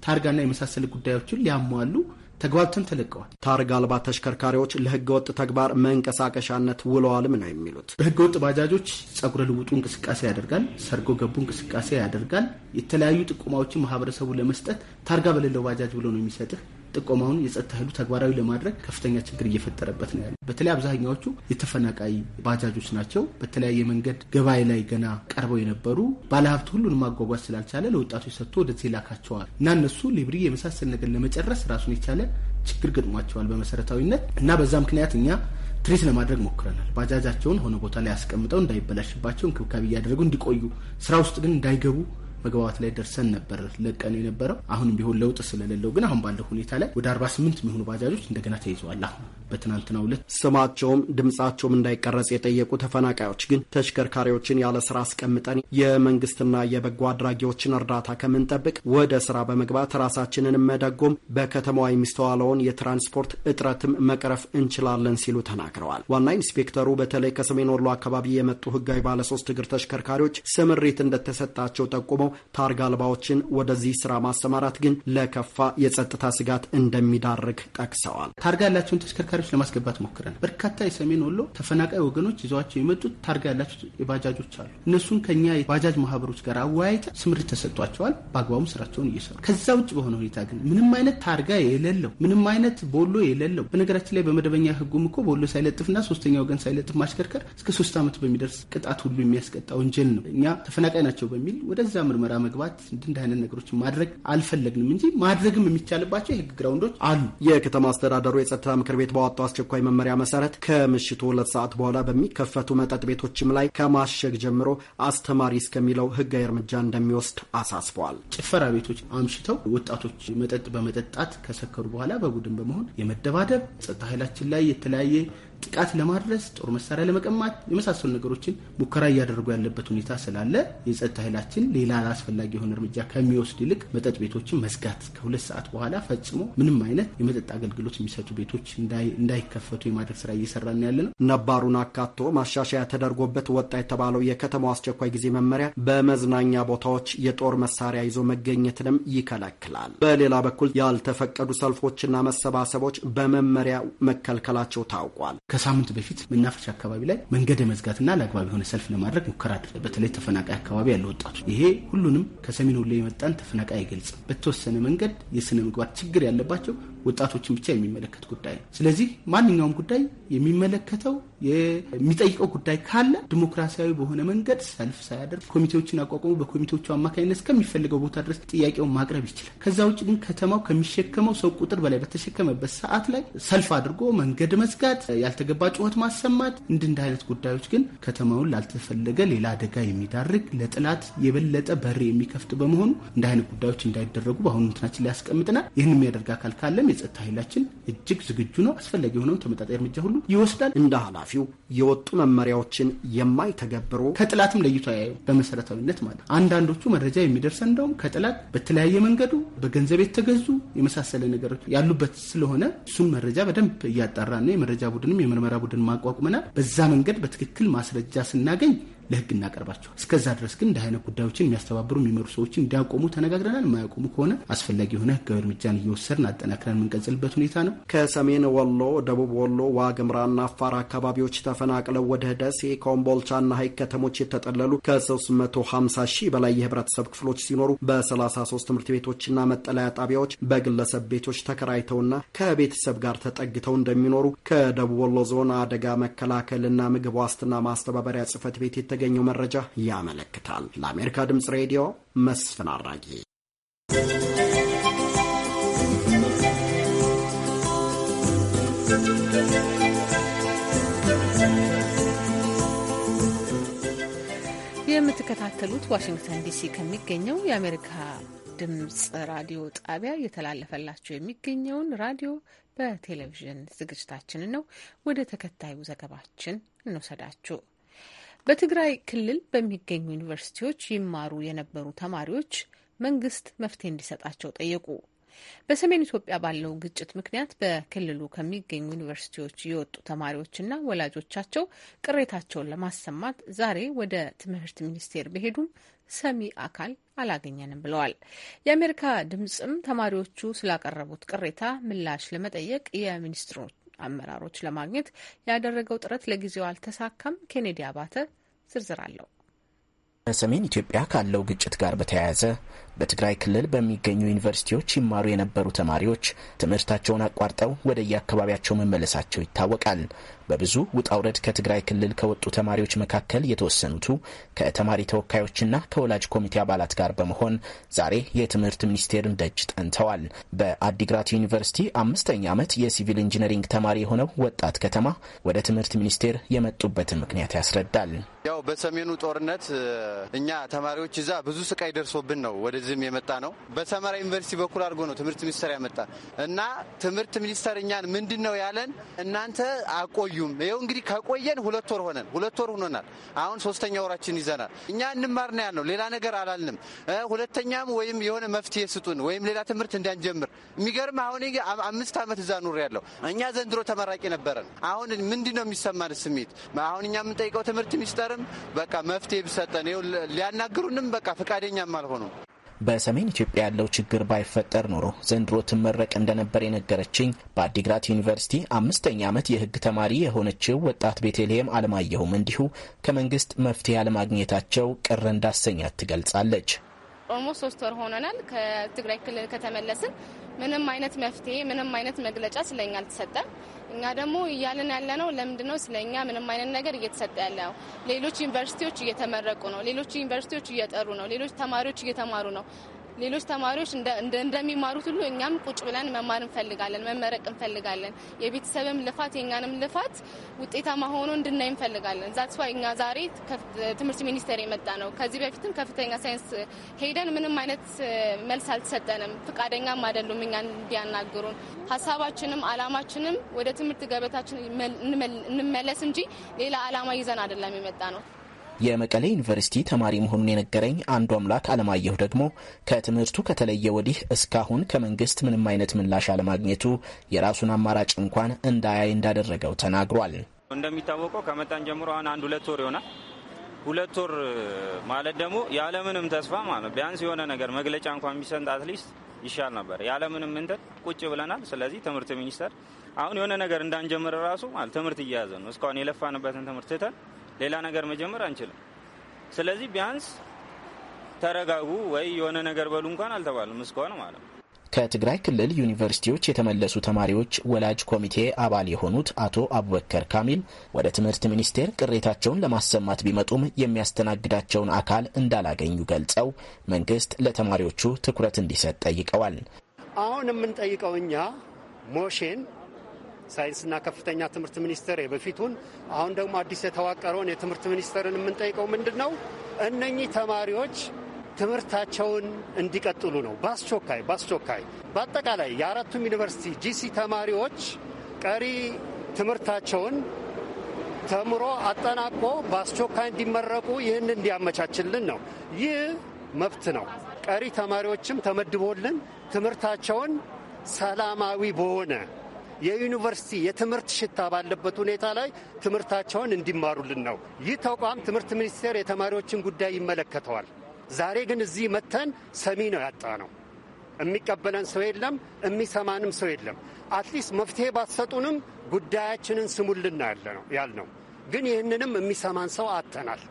ታርጋና የመሳሰል ጉዳዮችን ሊያሟሉ ተግባብተን ተለቀዋል። ታርግ አልባ ተሽከርካሪዎች ለህገ ወጥ ተግባር መንቀሳቀሻነት ውለዋልም ነው የሚሉት። በህገ ወጥ ባጃጆች ጸጉረ ልውጡ እንቅስቃሴ ያደርጋል፣ ሰርጎ ገቡ እንቅስቃሴ ያደርጋል። የተለያዩ ጥቁማዎችን ማህበረሰቡ ለመስጠት ታርጋ በሌለው ባጃጅ ብሎ ነው የሚሰጥህ ጥቆማውን የጸጥታ ኃይሉ ተግባራዊ ለማድረግ ከፍተኛ ችግር እየፈጠረበት ነው ያለው። በተለይ አብዛኛዎቹ የተፈናቃይ ባጃጆች ናቸው። በተለያየ መንገድ ገበያ ላይ ገና ቀርበው የነበሩ ባለሀብት ሁሉንም ማጓጓዝ ስላልቻለ ለወጣቶች ሰጥቶ ወደዚህ ላካቸዋል እና እነሱ ሊብሪ የመሳሰል ነገር ለመጨረስ ራሱን የቻለ ችግር ገጥሟቸዋል በመሰረታዊነት እና በዛ ምክንያት እኛ ትሪት ለማድረግ ሞክረናል። ባጃጃቸውን ሆነ ቦታ ላይ አስቀምጠው እንዳይበላሽባቸው እንክብካቤ እያደረጉ እንዲቆዩ ስራ ውስጥ ግን እንዳይገቡ መግባባት ላይ ደርሰን ነበር ለቀኑ የነበረው። አሁንም ቢሆን ለውጥ ስለሌለው ግን አሁን ባለው ሁኔታ ላይ ወደ 48 የሚሆኑ ባጃጆች እንደገና ተይዘዋል። አሁን በትናንትናው ዕለት ስማቸውም ድምጻቸውም እንዳይቀረጽ የጠየቁ ተፈናቃዮች ግን ተሽከርካሪዎችን ያለ ስራ አስቀምጠን የመንግስትና የበጎ አድራጊዎችን እርዳታ ከምንጠብቅ ወደ ስራ በመግባት ራሳችንን መደጎም በከተማዋ የሚስተዋለውን የትራንስፖርት እጥረትም መቅረፍ እንችላለን ሲሉ ተናግረዋል። ዋና ኢንስፔክተሩ በተለይ ከሰሜን ወሎ አካባቢ የመጡ ህጋዊ ባለሶስት እግር ተሽከርካሪዎች ስምሪት እንደተሰጣቸው ጠቁመው ታርጋ አልባዎችን ወደዚህ ስራ ማሰማራት ግን ለከፋ የጸጥታ ስጋት እንደሚዳርግ ጠቅሰዋል። ታርጋ ያላቸውን ተሽከርካሪ ሞተሮች ለማስገባት ሞክረናል። በርካታ የሰሜን ወሎ ተፈናቃይ ወገኖች ይዘዋቸው የመጡት ታርጋ ያላቸው የባጃጆች አሉ። እነሱን ከኛ የባጃጅ ማህበሮች ጋር አወያይተ ስምሪት ተሰጥቷቸዋል። በአግባቡ ስራቸውን እየሰሩ ከዛ ውጭ በሆነ ሁኔታ ግን ምንም አይነት ታርጋ የሌለው ምንም አይነት ቦሎ የሌለው በነገራችን ላይ በመደበኛ ህጉም እኮ ቦሎ ሳይለጥፍና ሶስተኛ ወገን ሳይለጥፍ ማሽከርከር እስከ ሶስት ዓመት በሚደርስ ቅጣት ሁሉ የሚያስቀጣ ወንጀል ነው። እኛ ተፈናቃይ ናቸው በሚል ወደዛ ምርመራ መግባት እንዲህ አይነት ነገሮች ማድረግ አልፈለግንም እንጂ ማድረግም የሚቻልባቸው የህግ ግራውንዶች አሉ። የከተማ አስተዳደሩ የጸጥታ ምክር ቤት ባወጣው አስቸኳይ መመሪያ መሰረት ከምሽቱ ሁለት ሰዓት በኋላ በሚከፈቱ መጠጥ ቤቶችም ላይ ከማሸግ ጀምሮ አስተማሪ እስከሚለው ህጋዊ እርምጃ እንደሚወስድ አሳስበዋል። ጭፈራ ቤቶች አምሽተው ወጣቶች መጠጥ በመጠጣት ከሰከሩ በኋላ በቡድን በመሆን የመደባደብ ጸጥታ ኃይላችን ላይ የተለያየ ጥቃት ለማድረስ ጦር መሳሪያ ለመቀማት የመሳሰሉ ነገሮችን ሙከራ እያደረጉ ያለበት ሁኔታ ስላለ የጸጥታ ኃይላችን ሌላ አስፈላጊ የሆነ እርምጃ ከሚወስድ ይልቅ መጠጥ ቤቶችን መዝጋት ከሁለት ሰዓት በኋላ ፈጽሞ ምንም አይነት የመጠጥ አገልግሎት የሚሰጡ ቤቶች እንዳይከፈቱ የማድረግ ስራ ነው ያለ ነው። ነባሩን አካቶ ማሻሻያ ተደርጎበት ወጣ የተባለው የከተማው አስቸኳይ ጊዜ መመሪያ በመዝናኛ ቦታዎች የጦር መሳሪያ ይዞ መገኘትንም ይከለክላል። በሌላ በኩል ያልተፈቀዱ ሰልፎችና መሰባሰቦች በመመሪያ መከልከላቸው ታውቋል። ከሳምንት በፊት መናፈሻ አካባቢ ላይ መንገድ የመዝጋትና ለአግባብ የሆነ ሰልፍ ለማድረግ ሙከራ አድርገን በተለይ ተፈናቃይ አካባቢ ያለ ወጣቱ ይሄ ሁሉንም ከሰሜን ወሎ የመጣን ተፈናቃይ አይገልጽም። በተወሰነ መንገድ የስነ ምግባር ችግር ያለባቸው ወጣቶችን ብቻ የሚመለከት ጉዳይ ነው። ስለዚህ ማንኛውም ጉዳይ የሚመለከተው የሚጠይቀው ጉዳይ ካለ ዲሞክራሲያዊ በሆነ መንገድ ሰልፍ ሳያደርግ ኮሚቴዎችን አቋቁሞ በኮሚቴዎቹ አማካኝነት እስከሚፈልገው ቦታ ድረስ ጥያቄውን ማቅረብ ይችላል። ከዛ ውጭ ግን ከተማው ከሚሸከመው ሰው ቁጥር በላይ በተሸከመበት ሰዓት ላይ ሰልፍ አድርጎ መንገድ መዝጋት፣ ያልተገባ ጩኸት ማሰማት እንድ አይነት ጉዳዮች ግን ከተማውን ላልተፈለገ ሌላ አደጋ የሚዳርግ ለጥላት የበለጠ በር የሚከፍት በመሆኑ እንደ አይነት ጉዳዮች እንዳይደረጉ በአሁኑ እንትናችን ሊያስቀምጥናል። ይህን የሚያደርግ አካል ካለም የጸጥታ ኃይላችን እጅግ ዝግጁ ነው። አስፈላጊ የሆነውን ተመጣጣይ እርምጃ ሁሉ ይወስዳል። እንደ ኃላፊው የወጡ መመሪያዎችን የማይተገብሩ ከጥላትም ለይቶ ያዩ በመሰረታዊነት ማለት አንዳንዶቹ መረጃ የሚደርሰ እንደውም ከጥላት በተለያየ መንገዱ በገንዘብ የተገዙ የመሳሰለ ነገሮች ያሉበት ስለሆነ እሱን መረጃ በደንብ እያጣራ ነው። የመረጃ ቡድንም የምርመራ ቡድን ማቋቁመናል። በዛ መንገድ በትክክል ማስረጃ ስናገኝ ለህግ እናቀርባቸዋል። እስከዛ ድረስ ግን እንደ አይነት ጉዳዮችን የሚያስተባብሩ የሚመሩ ሰዎችን እንዲያቆሙ ተነጋግረናል። የማያቆሙ ከሆነ አስፈላጊ የሆነ ህጋዊ እርምጃን እየወሰድን አጠናክረን የምንቀጽልበት ሁኔታ ነው። ከሰሜን ወሎ፣ ደቡብ ወሎ፣ ዋግምራና አፋር አካባቢዎች ተፈናቅለው ወደ ደሴ፣ ኮምቦልቻና ሀይቅ ከተሞች የተጠለሉ ከ350 ሺህ በላይ የህብረተሰብ ክፍሎች ሲኖሩ በ33 ትምህርት ቤቶችና መጠለያ ጣቢያዎች በግለሰብ ቤቶች ተከራይተውና ከቤተሰብ ጋር ተጠግተው እንደሚኖሩ ከደቡብ ወሎ ዞን አደጋ መከላከልና ምግብ ዋስትና ማስተባበሪያ ጽህፈት ቤት የተገኘው መረጃ ያመለክታል። ለአሜሪካ ድምፅ ሬዲዮ መስፍን አራጌ። የምትከታተሉት ዋሽንግተን ዲሲ ከሚገኘው የአሜሪካ ድምጽ ራዲዮ ጣቢያ እየተላለፈላቸው የሚገኘውን ራዲዮ በቴሌቪዥን ዝግጅታችን ነው። ወደ ተከታዩ ዘገባችን እንውሰዳችሁ። በትግራይ ክልል በሚገኙ ዩኒቨርሲቲዎች ይማሩ የነበሩ ተማሪዎች መንግስት መፍትሄ እንዲሰጣቸው ጠየቁ። በሰሜን ኢትዮጵያ ባለው ግጭት ምክንያት በክልሉ ከሚገኙ ዩኒቨርሲቲዎች የወጡ ተማሪዎችና ወላጆቻቸው ቅሬታቸውን ለማሰማት ዛሬ ወደ ትምህርት ሚኒስቴር በሄዱም ሰሚ አካል አላገኘንም ብለዋል። የአሜሪካ ድምጽም ተማሪዎቹ ስላቀረቡት ቅሬታ ምላሽ ለመጠየቅ የሚኒስትሮች አመራሮች ለማግኘት ያደረገው ጥረት ለጊዜው አልተሳካም። ኬኔዲ አባተ ዝርዝር አለው። በሰሜን ኢትዮጵያ ካለው ግጭት ጋር በተያያዘ በትግራይ ክልል በሚገኙ ዩኒቨርሲቲዎች ይማሩ የነበሩ ተማሪዎች ትምህርታቸውን አቋርጠው ወደ የአካባቢያቸው መመለሳቸው ይታወቃል። በብዙ ውጣውረድ ከትግራይ ክልል ከወጡ ተማሪዎች መካከል የተወሰኑቱ ከተማሪ ተወካዮችና ከወላጅ ኮሚቴ አባላት ጋር በመሆን ዛሬ የትምህርት ሚኒስቴርን ደጅ ጠንተዋል። በአዲግራት ዩኒቨርሲቲ አምስተኛ ዓመት የሲቪል ኢንጂነሪንግ ተማሪ የሆነው ወጣት ከተማ ወደ ትምህርት ሚኒስቴር የመጡበትን ምክንያት ያስረዳል። ያው በሰሜኑ ጦርነት እኛ ተማሪዎች እዛ ብዙ ስቃይ ደርሶብን ነው ወደ ዝም የመጣ ነው። በሰመራ ዩኒቨርሲቲ በኩል አድርጎ ነው ትምህርት ሚኒስተር ያመጣ እና ትምህርት ሚኒስተር እኛን ምንድን ነው ያለን? እናንተ አቆዩም። ይኸው እንግዲህ ከቆየን ሁለት ወር ሆነን ሁለት ወር ሆኖናል። አሁን ሶስተኛ ወራችን ይዘናል። እኛ እንማር ነው ያልነው፣ ሌላ ነገር አላልንም። ሁለተኛም ወይም የሆነ መፍትሄ ስጡን ወይም ሌላ ትምህርት እንዳንጀምር። የሚገርም አሁን አምስት ዓመት እዛ ኑር ያለው እኛ ዘንድሮ ተመራቂ ነበረን። አሁን ምንድን ነው የሚሰማን ስሜት? አሁን እኛ የምንጠይቀው ትምህርት ሚኒስተርም በቃ መፍትሄ ብሰጠን ሊያናግሩንም በቃ ፈቃደኛም አልሆኑም። በሰሜን ኢትዮጵያ ያለው ችግር ባይፈጠር ኖሮ ዘንድሮ ትመረቅ እንደነበር የነገረችኝ በአዲግራት ዩኒቨርሲቲ አምስተኛ ዓመት የሕግ ተማሪ የሆነችው ወጣት ቤተልሔም አለማየሁም እንዲሁ ከመንግስት መፍትሄ አለማግኘታቸው ቅር እንዳሰኛት ትገልጻለች። ኦልሞስት ሶስት ወር ሆነናል ከትግራይ ክልል ከተመለስን። ምንም አይነት መፍትሄ ምንም አይነት መግለጫ ስለኛ አልተሰጠም። እኛ ደግሞ እያልን ያለ ነው ለምንድ ነው ስለ እኛ ምንም አይነት ነገር እየተሰጠ ያለ ነው? ሌሎች ዩኒቨርሲቲዎች እየተመረቁ ነው። ሌሎች ዩኒቨርሲቲዎች እየጠሩ ነው። ሌሎች ተማሪዎች እየተማሩ ነው። ሌሎች ተማሪዎች እንደሚማሩት ሁሉ እኛም ቁጭ ብለን መማር እንፈልጋለን፣ መመረቅ እንፈልጋለን። የቤተሰብም ልፋት የእኛንም ልፋት ውጤታማ ሆኖ እንድናይ እንፈልጋለን። ዛት ዋይ እኛ ዛሬ ትምህርት ሚኒስቴር የመጣ ነው። ከዚህ በፊትም ከፍተኛ ሳይንስ ሄደን ምንም አይነት መልስ አልተሰጠንም። ፈቃደኛም አይደሉም እኛን እንዲያናግሩን። ሀሳባችንም አላማችንም ወደ ትምህርት ገበታችን እንመለስ እንጂ ሌላ አላማ ይዘን አይደለም የመጣ ነው። የመቀሌ ዩኒቨርሲቲ ተማሪ መሆኑን የነገረኝ አንዱ አምላክ አለማየሁ ደግሞ ከትምህርቱ ከተለየ ወዲህ እስካሁን ከመንግስት ምንም አይነት ምላሽ አለማግኘቱ የራሱን አማራጭ እንኳን እንዳያይ እንዳደረገው ተናግሯል። እንደሚታወቀው ከመጣን ጀምሮ አሁን አንድ ሁለት ወር ይሆናል። ሁለት ወር ማለት ደግሞ ያለምንም ተስፋ ማለት ቢያንስ የሆነ ነገር መግለጫ እንኳን የሚሰጥ አትሊስት ይሻል ነበር። ያለምንም እንትን ቁጭ ብለናል። ስለዚህ ትምህርት ሚኒስቴር አሁን የሆነ ነገር እንዳንጀምር ራሱ ማለት ትምህርት እያያዘ ነው። እስካሁን የለፋንበትን ትምህርት ትተን ሌላ ነገር መጀመር አንችልም። ስለዚህ ቢያንስ ተረጋጉ ወይ የሆነ ነገር በሉ እንኳን አልተባልም እስከሆነ ማለት ነው። ከትግራይ ክልል ዩኒቨርሲቲዎች የተመለሱ ተማሪዎች ወላጅ ኮሚቴ አባል የሆኑት አቶ አቡበከር ካሚል ወደ ትምህርት ሚኒስቴር ቅሬታቸውን ለማሰማት ቢመጡም የሚያስተናግዳቸውን አካል እንዳላገኙ ገልጸው መንግስት ለተማሪዎቹ ትኩረት እንዲሰጥ ጠይቀዋል። አሁን የምንጠይቀው እኛ ሞሽን ሳይንስና ከፍተኛ ትምህርት ሚኒስቴር የበፊቱን አሁን ደግሞ አዲስ የተዋቀረውን የትምህርት ሚኒስቴርን የምንጠይቀው ምንድን ነው እነኚህ ተማሪዎች ትምህርታቸውን እንዲቀጥሉ ነው። በአስቸኳይ በአስቸኳይ በአጠቃላይ የአራቱም ዩኒቨርሲቲ ጂሲ ተማሪዎች ቀሪ ትምህርታቸውን ተምሮ አጠናቆ በአስቸኳይ እንዲመረቁ ይህን እንዲያመቻችልን ነው። ይህ መብት ነው። ቀሪ ተማሪዎችም ተመድቦልን ትምህርታቸውን ሰላማዊ በሆነ የዩኒቨርሲቲ የትምህርት ሽታ ባለበት ሁኔታ ላይ ትምህርታቸውን እንዲማሩልን ነው። ይህ ተቋም ትምህርት ሚኒስቴር የተማሪዎችን ጉዳይ ይመለከተዋል። ዛሬ ግን እዚህ መተን ሰሚ ነው ያጣ ነው። የሚቀበለን ሰው የለም፣ የሚሰማንም ሰው የለም። አትሊስት መፍትሄ ባትሰጡንም ጉዳያችንን ስሙልና ያለ ነው። ግን ይህንንም የሚሰማን ሰው አጥተናል።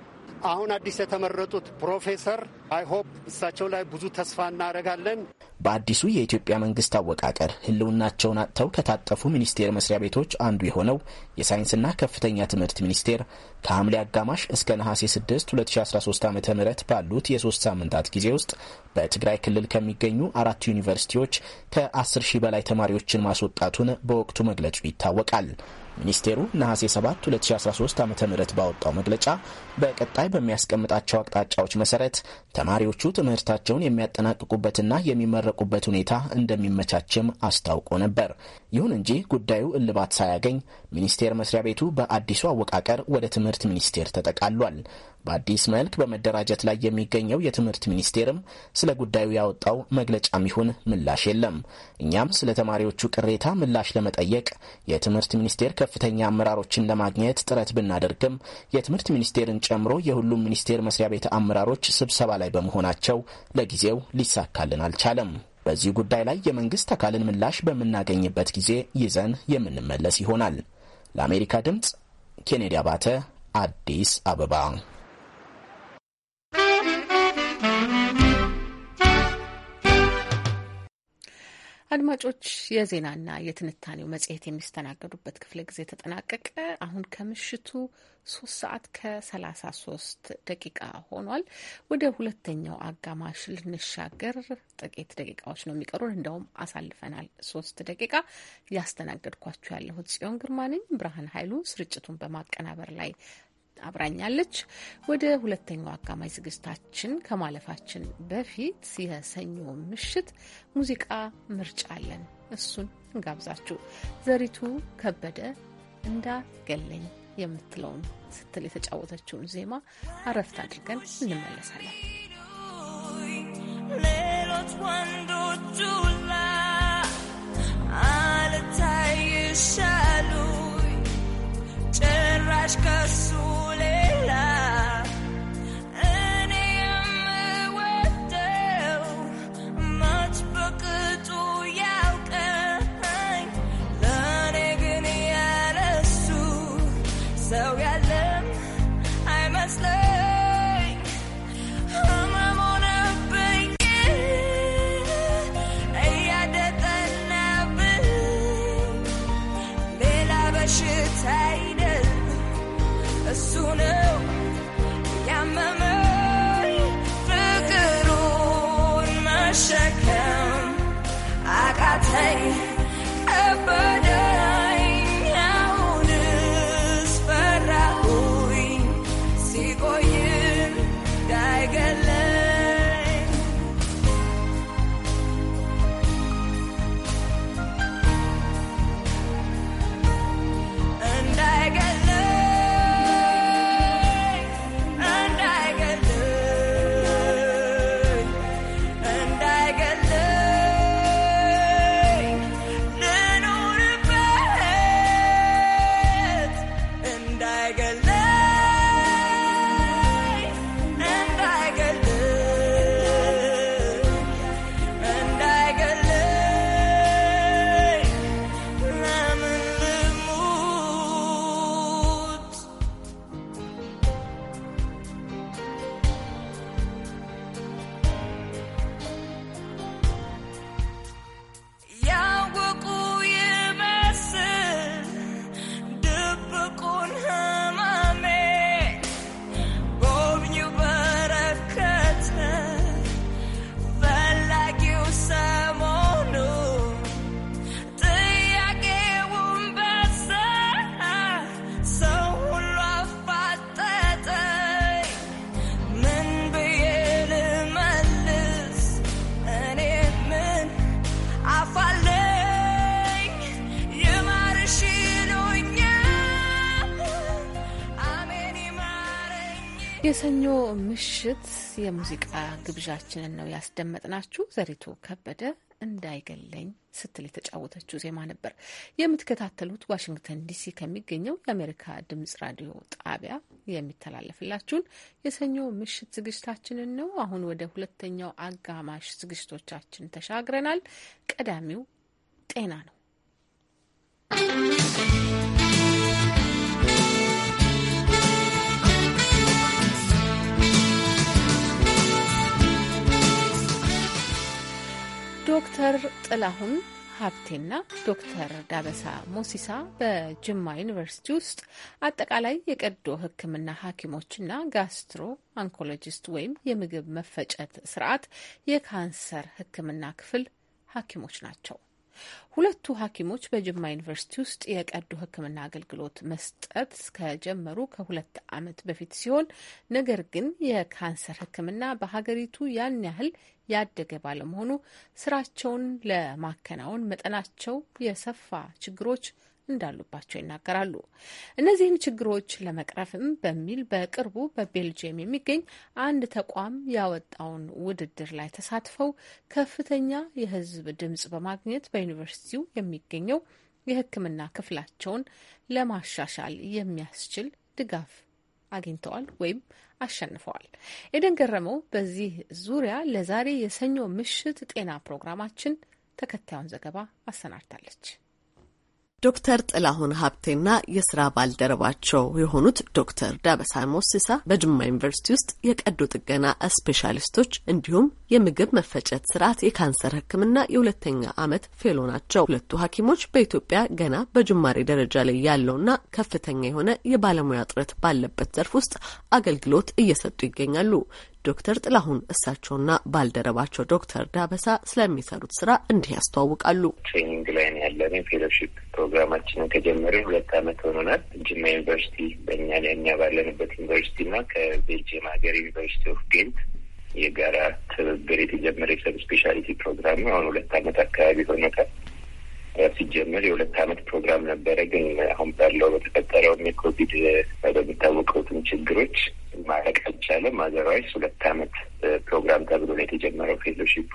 አሁን አዲስ የተመረጡት ፕሮፌሰር አይሆፕ እሳቸው ላይ ብዙ ተስፋ እናደርጋለን። በአዲሱ የኢትዮጵያ መንግስት አወቃቀር ህልውናቸውን አጥተው ከታጠፉ ሚኒስቴር መስሪያ ቤቶች አንዱ የሆነው የሳይንስና ከፍተኛ ትምህርት ሚኒስቴር ከሐምሌ አጋማሽ እስከ ነሐሴ 6 2013 ዓ ም ባሉት የሶስት ሳምንታት ጊዜ ውስጥ በትግራይ ክልል ከሚገኙ አራት ዩኒቨርሲቲዎች ከ10 ሺህ በላይ ተማሪዎችን ማስወጣቱን በወቅቱ መግለጹ ይታወቃል። ሚኒስቴሩ ነሐሴ 7 2013 ዓ ም ባወጣው መግለጫ በቀጣይ በሚያስቀምጣቸው አቅጣጫዎች መሰረት ተማሪዎቹ ትምህርታቸውን የሚያጠናቅቁበትና የሚመረቁበት ሁኔታ እንደሚመቻችም አስታውቆ ነበር። ይሁን እንጂ ጉዳዩ እልባት ሳያገኝ ሚኒስቴር መስሪያ ቤቱ በአዲሱ አወቃቀር ወደ ትምህርት ትምህርት ሚኒስቴር ተጠቃሏል። በአዲስ መልክ በመደራጀት ላይ የሚገኘው የትምህርት ሚኒስቴርም ስለ ጉዳዩ ያወጣው መግለጫም ይሁን ምላሽ የለም። እኛም ስለ ተማሪዎቹ ቅሬታ ምላሽ ለመጠየቅ የትምህርት ሚኒስቴር ከፍተኛ አመራሮችን ለማግኘት ጥረት ብናደርግም የትምህርት ሚኒስቴርን ጨምሮ የሁሉም ሚኒስቴር መስሪያ ቤት አመራሮች ስብሰባ ላይ በመሆናቸው ለጊዜው ሊሳካልን አልቻለም። በዚህ ጉዳይ ላይ የመንግስት አካልን ምላሽ በምናገኝበት ጊዜ ይዘን የምንመለስ ይሆናል። ለአሜሪካ ድምፅ ኬኔዲ አባተ አዲስ አበባ አድማጮች የዜናና የትንታኔው መጽሔት የሚስተናገዱበት ክፍለ ጊዜ ተጠናቀቀ። አሁን ከምሽቱ ሶስት ሰዓት ከሰላሳ ሶስት ደቂቃ ሆኗል። ወደ ሁለተኛው አጋማሽ ልንሻገር ጥቂት ደቂቃዎች ነው የሚቀሩን። እንደውም አሳልፈናል ሶስት ደቂቃ። ያስተናገድኳችሁ ያለሁት ጽዮን ግርማ ነኝ። ብርሃን ኃይሉ ስርጭቱን በማቀናበር ላይ አብራኛለች። ወደ ሁለተኛው አጋማሽ ዝግጅታችን ከማለፋችን በፊት የሰኞ ምሽት ሙዚቃ ምርጫ አለን። እሱን እንጋብዛችሁ። ዘሪቱ ከበደ እንዳገለኝ የምትለውን ስትል የተጫወተችውን ዜማ አረፍት አድርገን እንመለሳለን። ሌሎች ወንዶቹ አልታይሻሉ ጭራሽ ከሱ የሰኞ ምሽት የሙዚቃ ግብዣችንን ነው ያስደመጥናችሁ። ዘሪቱ ከበደ እንዳይገለኝ ስትል የተጫወተችው ዜማ ነበር። የምትከታተሉት ዋሽንግተን ዲሲ ከሚገኘው የአሜሪካ ድምጽ ራዲዮ ጣቢያ የሚተላለፍላችሁን የሰኞ ምሽት ዝግጅታችንን ነው። አሁን ወደ ሁለተኛው አጋማሽ ዝግጅቶቻችን ተሻግረናል። ቀዳሚው ጤና ነው። ዶክተር ጥላሁን ሀብቴና ዶክተር ዳበሳ ሞሲሳ በጅማ ዩኒቨርሲቲ ውስጥ አጠቃላይ የቀዶ ሕክምና ሐኪሞችና ጋስትሮ አንኮሎጂስት ወይም የምግብ መፈጨት ስርዓት የካንሰር ሕክምና ክፍል ሐኪሞች ናቸው። ሁለቱ ሐኪሞች በጅማ ዩኒቨርሲቲ ውስጥ የቀዶ ሕክምና አገልግሎት መስጠት ከጀመሩ ከሁለት ዓመት በፊት ሲሆን ነገር ግን የካንሰር ሕክምና በሀገሪቱ ያን ያህል ያደገ ባለመሆኑ ስራቸውን ለማከናወን መጠናቸው የሰፋ ችግሮች እንዳሉባቸው ይናገራሉ። እነዚህን ችግሮች ለመቅረፍም በሚል በቅርቡ በቤልጅየም የሚገኝ አንድ ተቋም ያወጣውን ውድድር ላይ ተሳትፈው ከፍተኛ የሕዝብ ድምጽ በማግኘት በዩኒቨርሲቲው የሚገኘው የሕክምና ክፍላቸውን ለማሻሻል የሚያስችል ድጋፍ አግኝተዋል ወይም አሸንፈዋል። ኤደን ገረመው በዚህ ዙሪያ ለዛሬ የሰኞ ምሽት ጤና ፕሮግራማችን ተከታዩን ዘገባ አሰናድታለች። ዶክተር ጥላሁን ሀብቴና የስራ ባልደረባቸው የሆኑት ዶክተር ዳበሳ ሞሲሳ በጅማ ዩኒቨርሲቲ ውስጥ የቀዶ ጥገና ስፔሻሊስቶች እንዲሁም የምግብ መፈጨት ስርዓት የካንሰር ሕክምና የሁለተኛ ዓመት ፌሎ ናቸው። ሁለቱ ሐኪሞች በኢትዮጵያ ገና በጅማሬ ደረጃ ላይ ያለውና ከፍተኛ የሆነ የባለሙያ ጥረት ባለበት ዘርፍ ውስጥ አገልግሎት እየሰጡ ይገኛሉ። ዶክተር ጥላሁን እሳቸውና ባልደረባቸው ዶክተር ዳበሳ ስለሚሰሩት ስራ እንዲህ ያስተዋውቃሉ። ትሬኒንግ ላይ ነው ያለነው። ፌሎሺፕ ፕሮግራማችንን ከጀመረ ሁለት አመት ሆኖናል። ጅማ ዩኒቨርሲቲ በእኛ ላይ እኛ ባለንበት ዩኒቨርሲቲና ከቤልጅየም ሀገር ዩኒቨርሲቲ ኦፍ ጌንት የጋራ ትብብር የተጀመረ የሰብ ስፔሻሊቲ ፕሮግራም ነው። አሁን ሁለት አመት አካባቢ ሆኖታል። ሲጀመር የሁለት አመት ፕሮግራም ነበረ። ግን አሁን ባለው በተፈጠረውም የኮቪድ በሚታወቀውትም ችግሮች ማለቅ አልቻለም። አዘርዋይስ ሁለት አመት ፕሮግራም ተብሎ ነው የተጀመረው ፌሎሺፑ።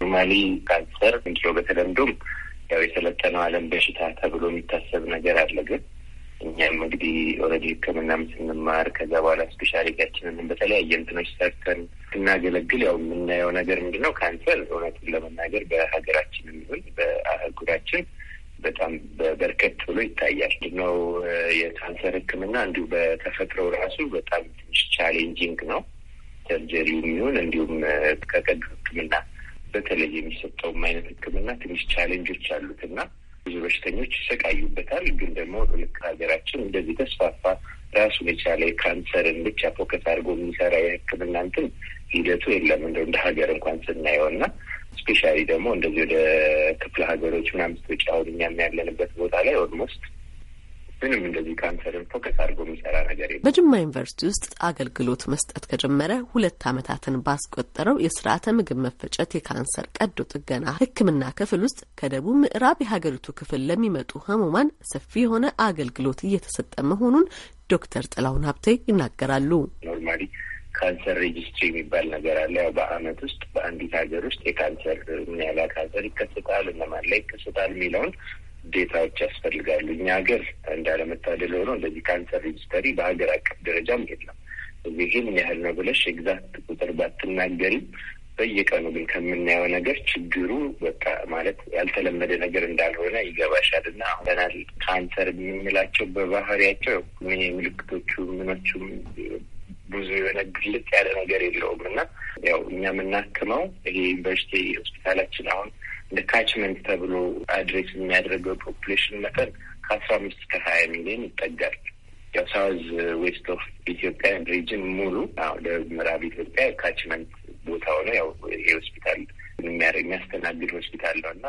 ኖርማሊ ካንሰር እንዲው በተለምዶም ያው የሰለጠነው አለም በሽታ ተብሎ የሚታሰብ ነገር አለ ግን እኛም እንግዲህ ኦልሬዲ ሕክምናም ስንማር ከዛ በኋላ ስፔሻሊቲያችንን በተለያየ እንትኖች ሰርተን ስናገለግል ያው የምናየው ነገር ምንድን ነው? ካንሰር እውነቱን ለመናገር በሀገራችን ይሁን በአህጉራችን በጣም በበርከት ብሎ ይታያል። ነው የካንሰር ሕክምና እንዲሁ በተፈጥሮ ራሱ በጣም ትንሽ ቻሌንጂንግ ነው። ሰርጀሪው ይሁን እንዲሁም ከቀዶ ሕክምና በተለይ የሚሰጠውም አይነት ሕክምና ትንሽ ቻሌንጆች አሉት እና ብዙ በሽተኞች ይሰቃዩበታል። ግን ደግሞ ልክ ሀገራችን እንደዚህ ተስፋፋ ራሱን የቻለ ካንሰርን ብቻ ፎከስ አድርጎ የሚሰራ የሕክምና እንትን ሂደቱ የለም እንደ እንደ ሀገር እንኳን ስናየው እና ስፔሻሊ ደግሞ እንደዚህ ወደ ክፍለ ሀገሮች ምናምን ስትወጪ አሁን እኛም ያለንበት ቦታ ላይ ኦልሞስት ምንም እንደዚህ ካንሰርን ፎከስ አድርጎ የሚሰራ ነገር የለም። በጅማ ዩኒቨርሲቲ ውስጥ አገልግሎት መስጠት ከጀመረ ሁለት ዓመታትን ባስቆጠረው የስርዓተ ምግብ መፈጨት የካንሰር ቀዶ ጥገና ሕክምና ክፍል ውስጥ ከደቡብ ምዕራብ የሀገሪቱ ክፍል ለሚመጡ ህሙማን ሰፊ የሆነ አገልግሎት እየተሰጠ መሆኑን ዶክተር ጥላሁን ሀብቴ ይናገራሉ። ኖርማሊ ካንሰር ሬጅስትሪ የሚባል ነገር አለ። ያው በአመት ውስጥ በአንዲት ሀገር ውስጥ የካንሰር ምን ያህል ካንሰር ይከሰታል፣ እነማን ላይ ይከሰታል የሚለውን ዴታዎች ያስፈልጋሉ። እኛ ሀገር እንዳለመታደል ሆኖ እንደዚህ ካንሰር ሬጅስተሪ በሀገር አቀፍ ደረጃም የለም። ምን ያህል ነው ብለሽ ኤግዛክት ቁጥር ባትናገሪም በየቀኑ ግን ከምናየው ነገር ችግሩ በቃ ማለት ያልተለመደ ነገር እንዳልሆነ ይገባሻል። እና አሁናል ካንሰር የምንላቸው በባህሪያቸው ምልክቶቹ ምኖቹም ብዙ የሆነ ግልጥ ያለ ነገር የለውም እና ያው እኛ የምናክመው ይሄ ዩኒቨርሲቲ ሆስፒታላችን አሁን እንደ ካችመንት ተብሎ አድሬስ የሚያደርገው ፖፑሌሽን መጠን ከአስራ አምስት እስከ ሀያ ሚሊዮን ይጠጋል። ያው ሳውዝ ዌስት ኦፍ ኢትዮጵያ ሪጅን ሙሉ ደቡብ ምዕራብ ኢትዮጵያ ካችመንት ቦታ ሆነ ያው ይሄ ሆስፒታል የሚያስተናግድ ሆስፒታል ነው እና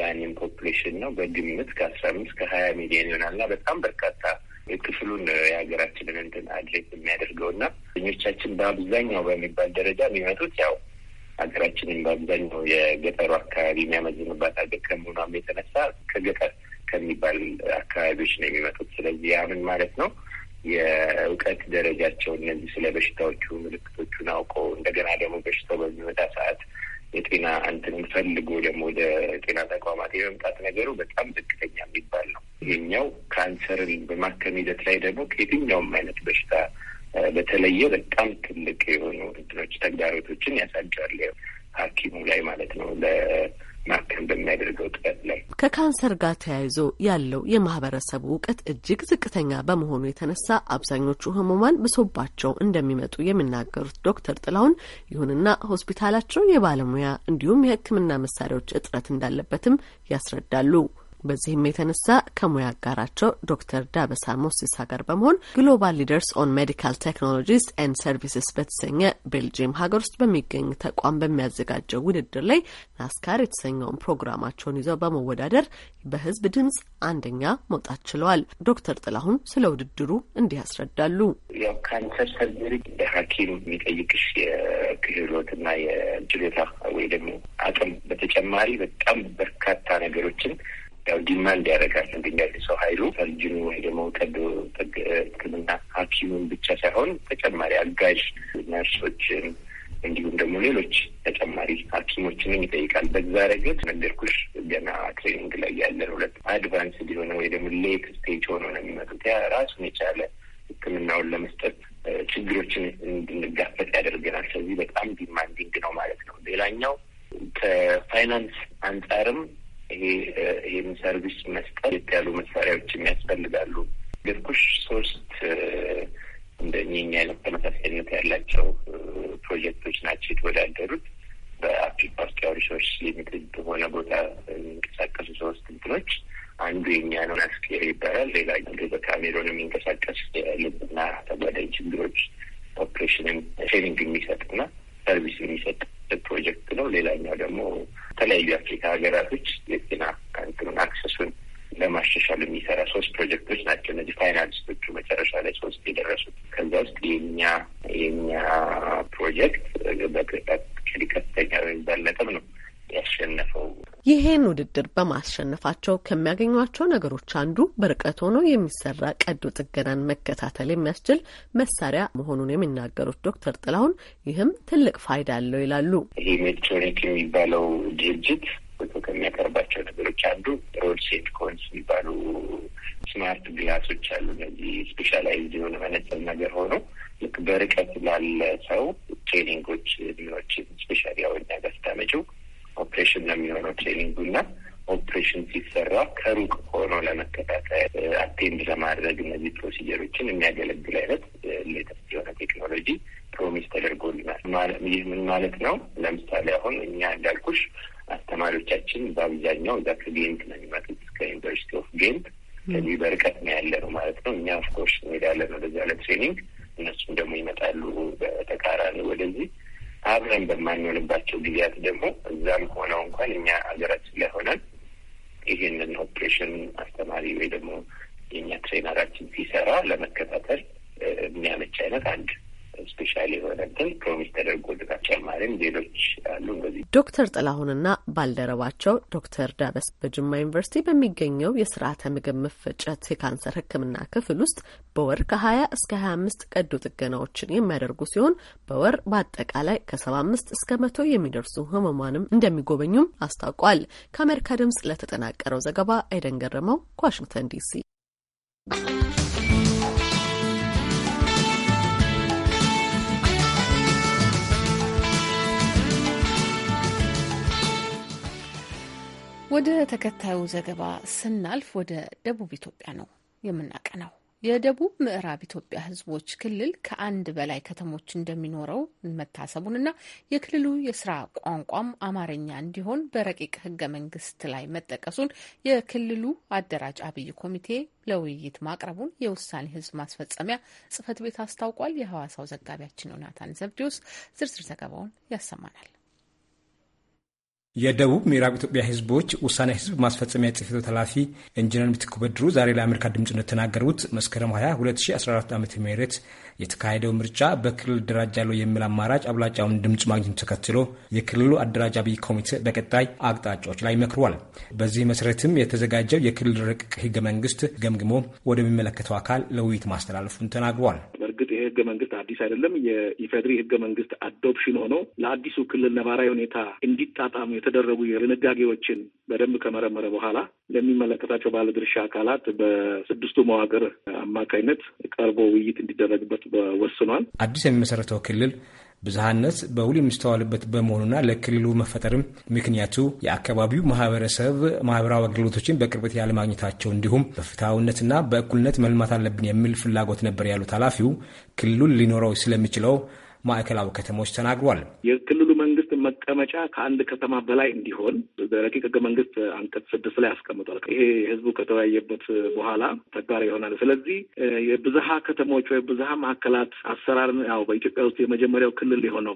ያንን ፖፕሌሽን ነው በግምት ከአስራ አምስት ከሀያ ሚሊዮን ይሆናል እና በጣም በርካታ ክፍሉን የሀገራችንን እንትን አድሬስ የሚያደርገው እና ኞቻችን በአብዛኛው በሚባል ደረጃ የሚመጡት ያው ሀገራችንም በአብዛኛው የገጠሩ አካባቢ የሚያመዝንባት ሀገር ከመሆኗም የተነሳ ከገጠር ከሚባል አካባቢዎች ነው የሚመጡት። ስለዚህ ያምን ማለት ነው? የእውቀት ደረጃቸው እነዚህ ስለ በሽታዎቹ ምልክቶቹን አውቀው እንደገና ደግሞ በሽታው በሚመጣ ሰዓት የጤና እንትን ፈልጎ ደግሞ ወደ ጤና ተቋማት የመምጣት ነገሩ በጣም ዝቅተኛ የሚባል ነው። ይህኛው ካንሰርን በማከም ሂደት ላይ ደግሞ ከየትኛውም አይነት በሽታ በተለየ በጣም ትልቅ የሆኑ ውድድሮች ተግዳሮቶችን ያሳጫል ሐኪሙ ላይ ማለት ነው ለማከም በሚያደርገው ጥረት ላይ ከካንሰር ጋር ተያይዞ ያለው የማህበረሰቡ እውቀት እጅግ ዝቅተኛ በመሆኑ የተነሳ አብዛኞቹ ህሙማን ብሶባቸው እንደሚመጡ የሚናገሩት ዶክተር ጥላሁን ይሁንና ሆስፒታላቸው የባለሙያ እንዲሁም የህክምና መሳሪያዎች እጥረት እንዳለበትም ያስረዳሉ። በዚህም የተነሳ ከሙያ አጋራቸው ዶክተር ዳበሳ ሞሲሳ ጋር በመሆን ግሎባል ሊደርስ ኦን ሜዲካል ቴክኖሎጂስ ኤንድ ሰርቪስስ በተሰኘ ቤልጅየም ሀገር ውስጥ በሚገኝ ተቋም በሚያዘጋጀው ውድድር ላይ ናስካር የተሰኘውን ፕሮግራማቸውን ይዘው በመወዳደር በህዝብ ድምጽ አንደኛ መውጣት ችለዋል። ዶክተር ጥላሁን ስለ ውድድሩ እንዲህ ያስረዳሉ። ያው ካንሰር ሰርጀሪ እንደ ሐኪም የሚጠይቅሽ የክህሎትና የችሎታ ወይ ደግሞ አቅም በተጨማሪ በጣም በርካታ ነገሮችን ያው ዲማንድ ያደርጋል እንግዲህ ሰው ሀይሉ ሰርጅኑ ወይ ደግሞ ቀዶ ሕክምና ሐኪሙን ብቻ ሳይሆን ተጨማሪ አጋዥ ነርሶችን እንዲሁም ደግሞ ሌሎች ተጨማሪ ሐኪሞችንም ይጠይቃል። በዛ ረገድ መንደርኩሽ ገና ትሬኒንግ ላይ ያለን ሁለት አድቫንስ ሊሆነ ወይ ደግሞ ሌት ስቴጅ ሆኖ ነው የሚመጡት። ያ ራሱን የቻለ ሕክምናውን ለመስጠት ችግሮችን እንድንጋፈጥ ያደርገናል። ስለዚህ በጣም ዲማንዲንግ ነው ማለት ነው። ሌላኛው ከፋይናንስ አንጻርም ይሄ ይህን ሰርቪስ መስጠት ያሉ መሳሪያዎችም ያስፈልጋሉ። ገርኩሽ ሶስት እንደ እኚህ አይነት ተመሳሳይነት ያላቸው ፕሮጀክቶች ናቸው የተወዳደሩት። በአፍሪካ ውስጥ ያው ሪሶርስ ሊሚትድ በሆነ ቦታ የሚንቀሳቀሱ ሶስት እንትኖች አንዱ የኛ ነው ናስኬር ይባላል። ሌላ በካሜሮን የሚንቀሳቀስ የልብና ተጓዳኝ ችግሮች ኦፕሬሽንን ትሬኒንግ የሚሰጥ እና ሰርቪስ የሚሰጥ ፕሮጀክት ነው። ሌላኛው ደግሞ የተለያዩ የአፍሪካ ሀገራቶች የጤና ካንትሩን አክሰሱን ለማሻሻል የሚሰራ ሶስት ፕሮጀክቶች ናቸው። እነዚህ ፋይናሊስቶቹ መጨረሻ ላይ ሶስት የደረሱት ከዛ ውስጥ የኛ የኛ ፕሮጀክት በክፍል ከፍተኛ ወይም በለጠም ነው ያሸነፈው። ይህን ውድድር በማሸነፋቸው ከሚያገኟቸው ነገሮች አንዱ በርቀት ሆኖ የሚሰራ ቀዶ ጥገናን መከታተል የሚያስችል መሳሪያ መሆኑን የሚናገሩት ዶክተር ጥላሁን ይህም ትልቅ ፋይዳ አለው ይላሉ። ይህ ሜድትሮኒክ የሚባለው ድርጅት ከሚያቀርባቸው ነገሮች አንዱ ሮድ ሴት ኮንስ የሚባሉ ስማርት ግላሶች አሉ። እነዚህ ስፔሻላይዝ የሆነ መነጽር ነገር ሆኖ ልክ በርቀት ላለ ሰው ትሬኒንጎች ሊኖችን ስፔሻሊ ያው ጋር ስታመጪው ኦፕሬሽን ለሚሆነው የሚሆነው ትሬኒንጉ እና ኦፕሬሽን ሲሰራ ከሩቅ ሆኖ ለመከታተል አቴንድ ለማድረግ እነዚህ ፕሮሲጀሮችን የሚያገለግል አይነት ሌተስት የሆነ ቴክኖሎጂ ፕሮሚስ ተደርጎልናል። ይህ ምን ማለት ነው? ለምሳሌ አሁን እኛ እንዳልኩሽ አስተማሪዎቻችን በአብዛኛው እዛ ከጌንት ነው የሚመጡት ከዩኒቨርሲቲ ኦፍ ጌንት ከዚህ በርቀት ነው ያለ ነው ማለት ነው። እኛ ኦፍኮርስ እንሄዳለን ወደዚያ ለትሬኒንግ፣ እነሱም ደግሞ ይመጣሉ በተቃራኒ ወደዚህ አብረን በማንሆንባቸው ጊዜያት ደግሞ እዛም ሆነው እንኳን እኛ ሀገራችን ላይ ሆነን ይህንን ኦፕሬሽን አስተማሪ ወይ ደግሞ የእኛ ትሬነራችን ሲሰራ ለመከታተል የሚያመች አይነት አንድ ስፔሻል የሆነ እንትን ፕሮሚስ ተደርጎ ተጨማሪም ሌሎች አሉ። በዚህ ዶክተር ጥላሁንና ባልደረባቸው ዶክተር ዳበስ በጅማ ዩኒቨርሲቲ በሚገኘው የስርዓተ ምግብ መፈጨት የካንሰር ሕክምና ክፍል ውስጥ በወር ከሀያ እስከ ሀያ አምስት ቀዶ ጥገናዎችን የሚያደርጉ ሲሆን በወር በአጠቃላይ ከሰባ አምስት እስከ መቶ የሚደርሱ ህመሟንም እንደሚጎበኙም አስታውቋል። ከአሜሪካ ድምጽ ለተጠናቀረው ዘገባ አይደን ገረመው ከዋሽንግተን ዲሲ ወደ ተከታዩ ዘገባ ስናልፍ ወደ ደቡብ ኢትዮጵያ ነው የምናቀነው። የደቡብ ምዕራብ ኢትዮጵያ ሕዝቦች ክልል ከአንድ በላይ ከተሞች እንደሚኖረው መታሰቡንና የክልሉ የስራ ቋንቋም አማርኛ እንዲሆን በረቂቅ ህገ መንግስት ላይ መጠቀሱን የክልሉ አደራጅ አብይ ኮሚቴ ለውይይት ማቅረቡን የውሳኔ ሕዝብ ማስፈጸሚያ ጽህፈት ቤት አስታውቋል። የሐዋሳው ዘጋቢያችን ዮናታን ዘብዲዎስ ዝርዝር ዘገባውን ያሰማናል። የደቡብ ምዕራብ ኢትዮጵያ ህዝቦች ውሳኔ ህዝብ ማስፈጸሚያ ጽሕፈት ቤት ኃላፊ ኢንጂነር ምትኩ በድሩ ዛሬ ለአሜሪካ ድምፅ እንደተናገሩት መስከረም 20 2014 ዓ ም የተካሄደው ምርጫ በክልል ያለው የሚል አማራጭ አብላጫውን ድምፅ ማግኘት ተከትሎ የክልሉ አደራጃ ኮሚቴ በቀጣይ አቅጣጫዎች ላይ መክሯል። በዚህ መሰረትም የተዘጋጀው የክልል ረቂቅ ህገ መንግስት ገምግሞ ወደሚመለከተው አካል ለውይይት ማስተላለፉን ተናግሯል። በእርግጥ ህገ መንግስት አዲስ አይደለም። የኢፌድሪ ህገ መንግስት አዶፕሽን ሆኖ ለአዲሱ ክልል ነባራዊ ሁኔታ እንዲጣጣሙ የተደረጉ የድንጋጌዎችን በደንብ ከመረመረ በኋላ ለሚመለከታቸው ባለድርሻ አካላት በስድስቱ መዋቅር አማካኝነት ቀርቦ ውይይት እንዲደረግበት ወስኗል። አዲስ የሚመሰረተው ክልል ብዝሃነት በውል የሚስተዋልበት በመሆኑና ለክልሉ መፈጠርም ምክንያቱ የአካባቢው ማህበረሰብ ማህበራዊ አገልግሎቶችን በቅርበት ያለማግኘታቸው እንዲሁም በፍትሐዊነትና በእኩልነት መልማት አለብን የሚል ፍላጎት ነበር ያሉት ኃላፊው ክልሉ ሊኖረው ስለሚችለው ማዕከላዊ ከተሞች ተናግሯል። የክልሉ መቀመጫ ከአንድ ከተማ በላይ እንዲሆን በረቂቅ ህገ መንግስት አንቀጽ ስድስት ላይ አስቀምጧል። ይሄ ህዝቡ ከተወያየበት በኋላ ተግባራዊ ይሆናል። ስለዚህ የብዝሃ ከተሞች ወይ ብዝሃ ማዕከላት አሰራር ያው በኢትዮጵያ ውስጥ የመጀመሪያው ክልል የሆነው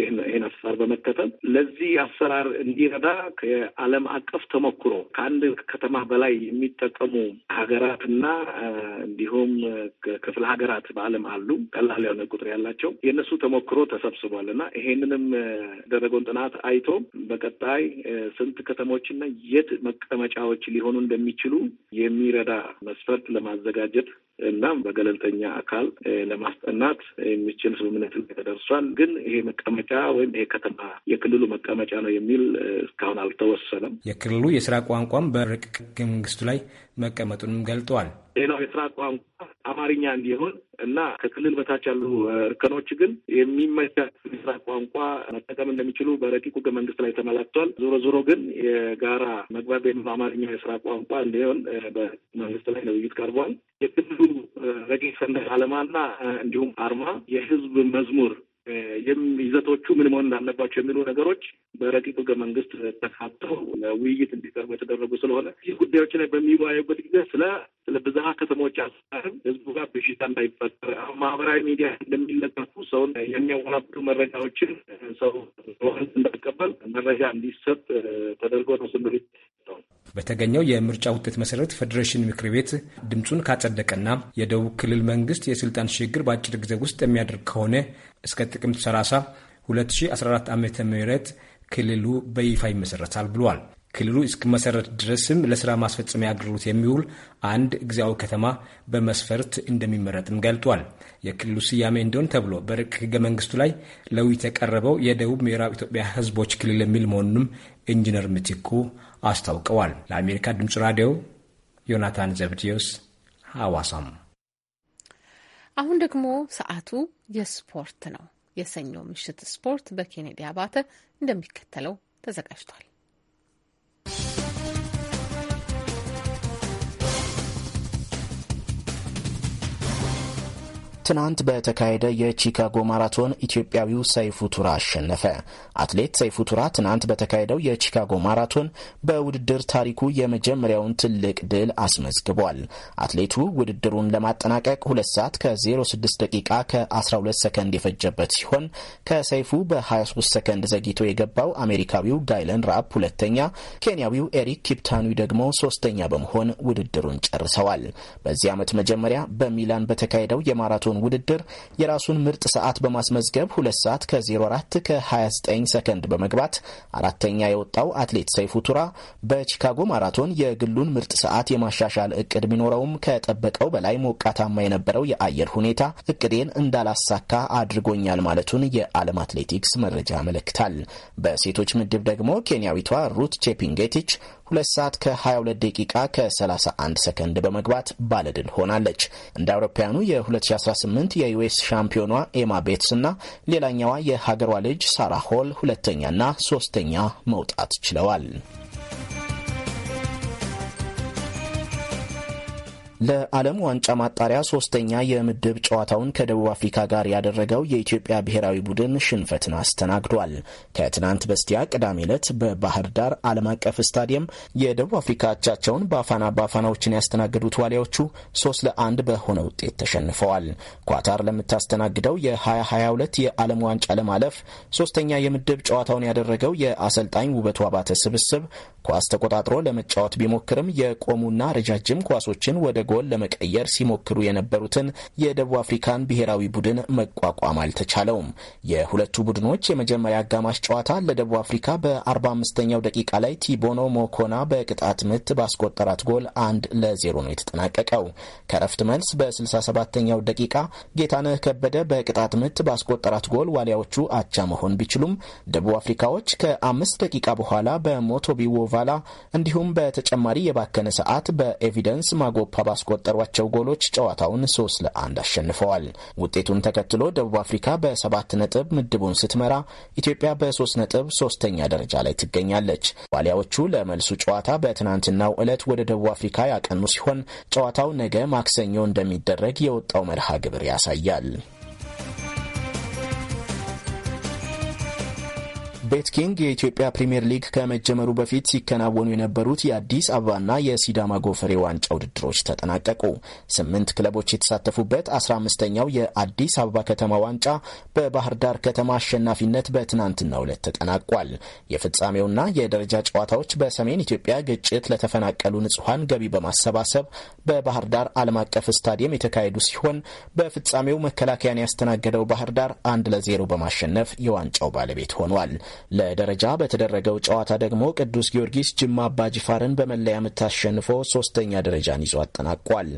ይህን አሰራር በመከተል ለዚህ አሰራር እንዲረዳ ከዓለም አቀፍ ተሞክሮ ከአንድ ከተማ በላይ የሚጠቀሙ ሀገራትና እንዲሁም ክፍለ ሀገራት በዓለም አሉ ቀላል የሆነ ቁጥር ያላቸው የእነሱ ተሞክሮ ተሰብስቧል እና ይሄንንም ደረገውን ጥናት አይቶ በቀጣይ ስንት ከተሞችና የት መቀመጫዎች ሊሆኑ እንደሚችሉ የሚረዳ መስፈርት ለማዘጋጀት እና በገለልተኛ አካል ለማስጠናት የሚችል ስምምነት ላይ ተደርሷል። ግን ይሄ መቀመጫ ወይም ይሄ ከተማ የክልሉ መቀመጫ ነው የሚል እስካሁን አልተወሰነም። የክልሉ የስራ ቋንቋም በረቂቅ መንግስቱ ላይ መቀመጡንም ገልጠዋል። ሌላው የስራ ቋንቋ አማርኛ እንዲሆን እና ከክልል በታች ያሉ እርከኖች ግን የሚመቻ የስራ ቋንቋ መጠቀም እንደሚችሉ በረቂቁ ህገ መንግስት ላይ ተመላክቷል። ዞሮ ዞሮ ግን የጋራ መግባቢያ አማርኛ የስራ ቋንቋ እንዲሆን በመንግስት ላይ ለውይይት ቀርቧል። የክልሉ ረቂቅ ሰንደቅ ዓላማና እንዲሁም አርማ፣ የህዝብ መዝሙር ይዘቶቹ ምን መሆን እንዳለባቸው የሚሉ ነገሮች በረቂቅ ህገ መንግስት ተካተው ለውይይት እንዲቀርቡ የተደረጉ ስለሆነ ይህ ጉዳዮች ላይ በሚወያዩበት ጊዜ ስለ ስለ ብዝሃ ከተሞች አሰራርም ህዝቡ ጋር ብዥታ እንዳይፈጠር ማህበራዊ ሚዲያ እንደሚለጠፉ ሰውን የሚያወናብዱ መረጃዎችን ሰው እንዳይቀበል መረጃ እንዲሰጥ ተደርጎ ነው ስምሪት የሰጠው። በተገኘው የምርጫ ውጤት መሰረት ፌዴሬሽን ምክር ቤት ድምፁን ካጸደቀና የደቡብ ክልል መንግስት የስልጣን ሽግግር በአጭር ጊዜ ውስጥ የሚያደርግ ከሆነ እስከ ጥቅምት 30 2014 ዓ ም ክልሉ በይፋ ይመሰረታል ብሏል። ክልሉ እስኪመሰረት ድረስም ለስራ ማስፈጸሚያ አገልግሎት የሚውል አንድ ጊዜያዊ ከተማ በመስፈርት እንደሚመረጥም ገልጧል። የክልሉ ስያሜ እንዲሆን ተብሎ በረቂቅ ህገ መንግስቱ ላይ ለውይይት የቀረበው የደቡብ ምዕራብ ኢትዮጵያ ህዝቦች ክልል የሚል መሆኑንም ኢንጂነር ምትኩ አስታውቀዋል። ለአሜሪካ ድምፅ ራዲዮ ዮናታን ዘብዲዮስ ሐዋሳም። አሁን ደግሞ ሰዓቱ የስፖርት ነው። የሰኞ ምሽት ስፖርት በኬኔዲ አባተ እንደሚከተለው ተዘጋጅቷል። ትናንት በተካሄደ የቺካጎ ማራቶን ኢትዮጵያዊው ሰይፉ ቱራ አሸነፈ። አትሌት ሰይፉ ቱራ ትናንት በተካሄደው የቺካጎ ማራቶን በውድድር ታሪኩ የመጀመሪያውን ትልቅ ድል አስመዝግቧል። አትሌቱ ውድድሩን ለማጠናቀቅ 2 ሰዓት ከ06 ደቂቃ ከ12 ሰከንድ የፈጀበት ሲሆን ከሰይፉ በ23 ሰከንድ ዘግይቶ የገባው አሜሪካዊው ጋይለን ራፕ ሁለተኛ፣ ኬንያዊው ኤሪክ ኪፕታኑ ደግሞ ሶስተኛ በመሆን ውድድሩን ጨርሰዋል። በዚህ ዓመት መጀመሪያ በሚላን በተካሄደው የማራቶን ማራቶን ውድድር የራሱን ምርጥ ሰዓት በማስመዝገብ ሁለት ሰዓት ከ04 ከ29 ሰከንድ በመግባት አራተኛ የወጣው አትሌት ሰይፉ ቱራ በቺካጎ ማራቶን የግሉን ምርጥ ሰዓት የማሻሻል እቅድ ቢኖረውም ከጠበቀው በላይ ሞቃታማ የነበረው የአየር ሁኔታ እቅዴን እንዳላሳካ አድርጎኛል ማለቱን የዓለም አትሌቲክስ መረጃ ያመለክታል። በሴቶች ምድብ ደግሞ ኬንያዊቷ ሩት ቼፒንጌቲች ሁለት ሰዓት ከ22 ደቂቃ ከ31 ሰከንድ በመግባት ባለድል ሆናለች። እንደ አውሮፓውያኑ የ2018 የዩኤስ ሻምፒዮኗ ኤማ ቤትስ እና ሌላኛዋ የሀገሯ ልጅ ሳራ ሆል ሁለተኛና ሶስተኛ መውጣት ችለዋል። ለዓለም ዋንጫ ማጣሪያ ሶስተኛ የምድብ ጨዋታውን ከደቡብ አፍሪካ ጋር ያደረገው የኢትዮጵያ ብሔራዊ ቡድን ሽንፈትን አስተናግዷል። ከትናንት በስቲያ ቅዳሜ ዕለት በባህር ዳር ዓለም አቀፍ ስታዲየም የደቡብ አፍሪካ አቻቸውን ባፋና ባፋናዎችን ያስተናገዱት ዋሊያዎቹ ሶስት ለአንድ በሆነ ውጤት ተሸንፈዋል። ኳታር ለምታስተናግደው የ2022 የዓለም ዋንጫ ለማለፍ ሶስተኛ የምድብ ጨዋታውን ያደረገው የአሰልጣኝ ውበቱ አባተ ስብስብ ኳስ ተቆጣጥሮ ለመጫወት ቢሞክርም የቆሙና ረጃጅም ኳሶችን ወደ ጎል ለመቀየር ሲሞክሩ የነበሩትን የደቡብ አፍሪካን ብሔራዊ ቡድን መቋቋም አልተቻለውም። የሁለቱ ቡድኖች የመጀመሪያ አጋማሽ ጨዋታ ለደቡብ አፍሪካ በ45ኛው ደቂቃ ላይ ቲቦኖ ሞኮና በቅጣት ምት ባስቆጠራት ጎል አንድ ለዜሮ ነው የተጠናቀቀው። ከረፍት መልስ በ67ኛው ደቂቃ ጌታነህ ከበደ በቅጣት ምት ባስቆጠራት ጎል ዋሊያዎቹ አቻ መሆን ቢችሉም ደቡብ አፍሪካዎች ከአምስት ደቂቃ በኋላ በሞቶቢ ዎቫላ እንዲሁም በተጨማሪ የባከነ ሰዓት በኤቪደንስ ማጎፓ ባስቆጠሯቸው ጎሎች ጨዋታውን ሶስት ለአንድ አሸንፈዋል። ውጤቱን ተከትሎ ደቡብ አፍሪካ በሰባት ነጥብ ምድቡን ስትመራ፣ ኢትዮጵያ በሶስት ነጥብ ሶስተኛ ደረጃ ላይ ትገኛለች። ዋሊያዎቹ ለመልሱ ጨዋታ በትናንትናው ዕለት ወደ ደቡብ አፍሪካ ያቀኑ ሲሆን ጨዋታው ነገ ማክሰኞ እንደሚደረግ የወጣው መርሃ ግብር ያሳያል። ቤትኪንግ የኢትዮጵያ ፕሪምየር ሊግ ከመጀመሩ በፊት ሲከናወኑ የነበሩት የአዲስ አበባና የሲዳማ ጎፈሬ ዋንጫ ውድድሮች ተጠናቀቁ። ስምንት ክለቦች የተሳተፉበት አስራ አምስተኛው የአዲስ አበባ ከተማ ዋንጫ በባህር ዳር ከተማ አሸናፊነት በትናንትናው ዕለት ተጠናቋል። የፍጻሜውና የደረጃ ጨዋታዎች በሰሜን ኢትዮጵያ ግጭት ለተፈናቀሉ ንጹሐን ገቢ በማሰባሰብ በባህር ዳር ዓለም አቀፍ ስታዲየም የተካሄዱ ሲሆን በፍጻሜው መከላከያን ያስተናገደው ባህር ዳር አንድ ለዜሮ በማሸነፍ የዋንጫው ባለቤት ሆኗል። ለደረጃ በተደረገው ጨዋታ ደግሞ ቅዱስ ጊዮርጊስ ጅማ አባጅፋርን በመለያ ምት አሸንፎ ሶስተኛ ደረጃን ይዞ አጠናቋል።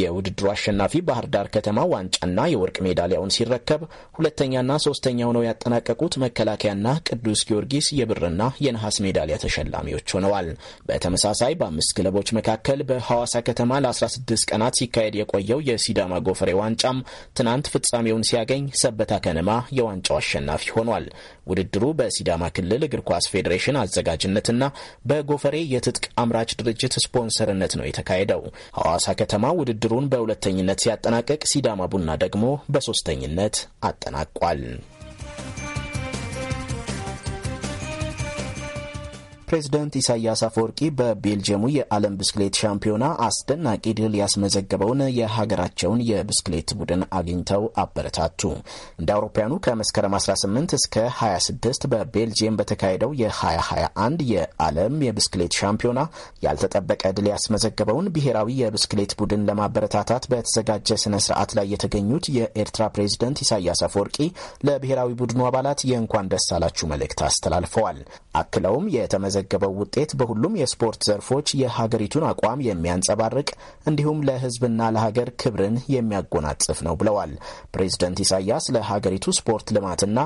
የውድድሩ አሸናፊ ባህር ዳር ከተማ ዋንጫና የወርቅ ሜዳሊያውን ሲረከብ ሁለተኛና ሶስተኛ ሆነው ያጠናቀቁት መከላከያና ቅዱስ ጊዮርጊስ የብርና የነሐስ ሜዳሊያ ተሸላሚዎች ሆነዋል። በተመሳሳይ በአምስት ክለቦች መካከል በሐዋሳ ከተማ ለ16 ቀናት ሲካሄድ የቆየው የሲዳማ ጎፈሬ ዋንጫም ትናንት ፍጻሜውን ሲያገኝ ሰበታ ከነማ የዋንጫው አሸናፊ ሆኗል። ውድድሩ በሲዳ በሲዳማ ክልል እግር ኳስ ፌዴሬሽን አዘጋጅነትና በጎፈሬ የትጥቅ አምራች ድርጅት ስፖንሰርነት ነው የተካሄደው። ሐዋሳ ከተማ ውድድሩን በሁለተኝነት ሲያጠናቀቅ፣ ሲዳማ ቡና ደግሞ በሶስተኝነት አጠናቋል። ፕሬዝደንት ኢሳያስ አፈወርቂ በቤልጅየሙ የዓለም ብስክሌት ሻምፒዮና አስደናቂ ድል ያስመዘገበውን የሀገራቸውን የብስክሌት ቡድን አግኝተው አበረታቱ። እንደ አውሮፓውያኑ ከመስከረም 18 እስከ 26 በቤልጅየም በተካሄደው የ2021 የዓለም የብስክሌት ሻምፒዮና ያልተጠበቀ ድል ያስመዘገበውን ብሔራዊ የብስክሌት ቡድን ለማበረታታት በተዘጋጀ ስነ ስርዓት ላይ የተገኙት የኤርትራ ፕሬዝደንት ኢሳያስ አፈወርቂ ለብሔራዊ ቡድኑ አባላት የእንኳን ደስ አላችሁ መልእክት አስተላልፈዋል። አክለውም የተመዘ የተመዘገበው ውጤት በሁሉም የስፖርት ዘርፎች የሀገሪቱን አቋም የሚያንጸባርቅ እንዲሁም ለሕዝብና ለሀገር ክብርን የሚያጎናጽፍ ነው ብለዋል። ፕሬዝደንት ኢሳያስ ለሀገሪቱ ስፖርት ልማትና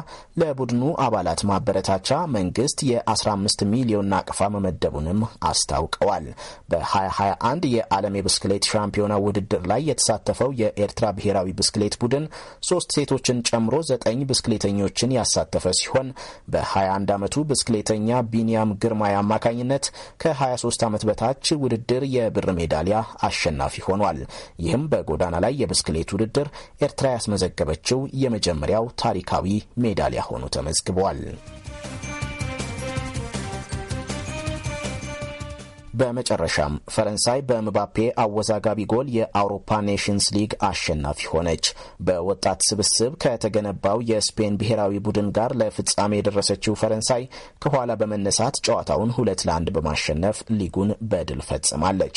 ለቡድኑ አባላት ማበረታቻ መንግስት የ15 ሚሊዮን ናቅፋ መመደቡንም አስታውቀዋል። በ2021 የዓለም የብስክሌት ሻምፒዮና ውድድር ላይ የተሳተፈው የኤርትራ ብሔራዊ ብስክሌት ቡድን ሶስት ሴቶችን ጨምሮ ዘጠኝ ብስክሌተኞችን ያሳተፈ ሲሆን በ21 ዓመቱ ብስክሌተኛ ቢኒያም ግርማ ግርማይ አማካኝነት ከ23 ዓመት በታች ውድድር የብር ሜዳሊያ አሸናፊ ሆኗል። ይህም በጎዳና ላይ የብስክሌት ውድድር ኤርትራ ያስመዘገበችው የመጀመሪያው ታሪካዊ ሜዳሊያ ሆኖ ተመዝግቧል። በመጨረሻም ፈረንሳይ በምባፔ አወዛጋቢ ጎል የአውሮፓ ኔሽንስ ሊግ አሸናፊ ሆነች። በወጣት ስብስብ ከተገነባው የስፔን ብሔራዊ ቡድን ጋር ለፍጻሜ የደረሰችው ፈረንሳይ ከኋላ በመነሳት ጨዋታውን ሁለት ለአንድ በማሸነፍ ሊጉን በድል ፈጽማለች።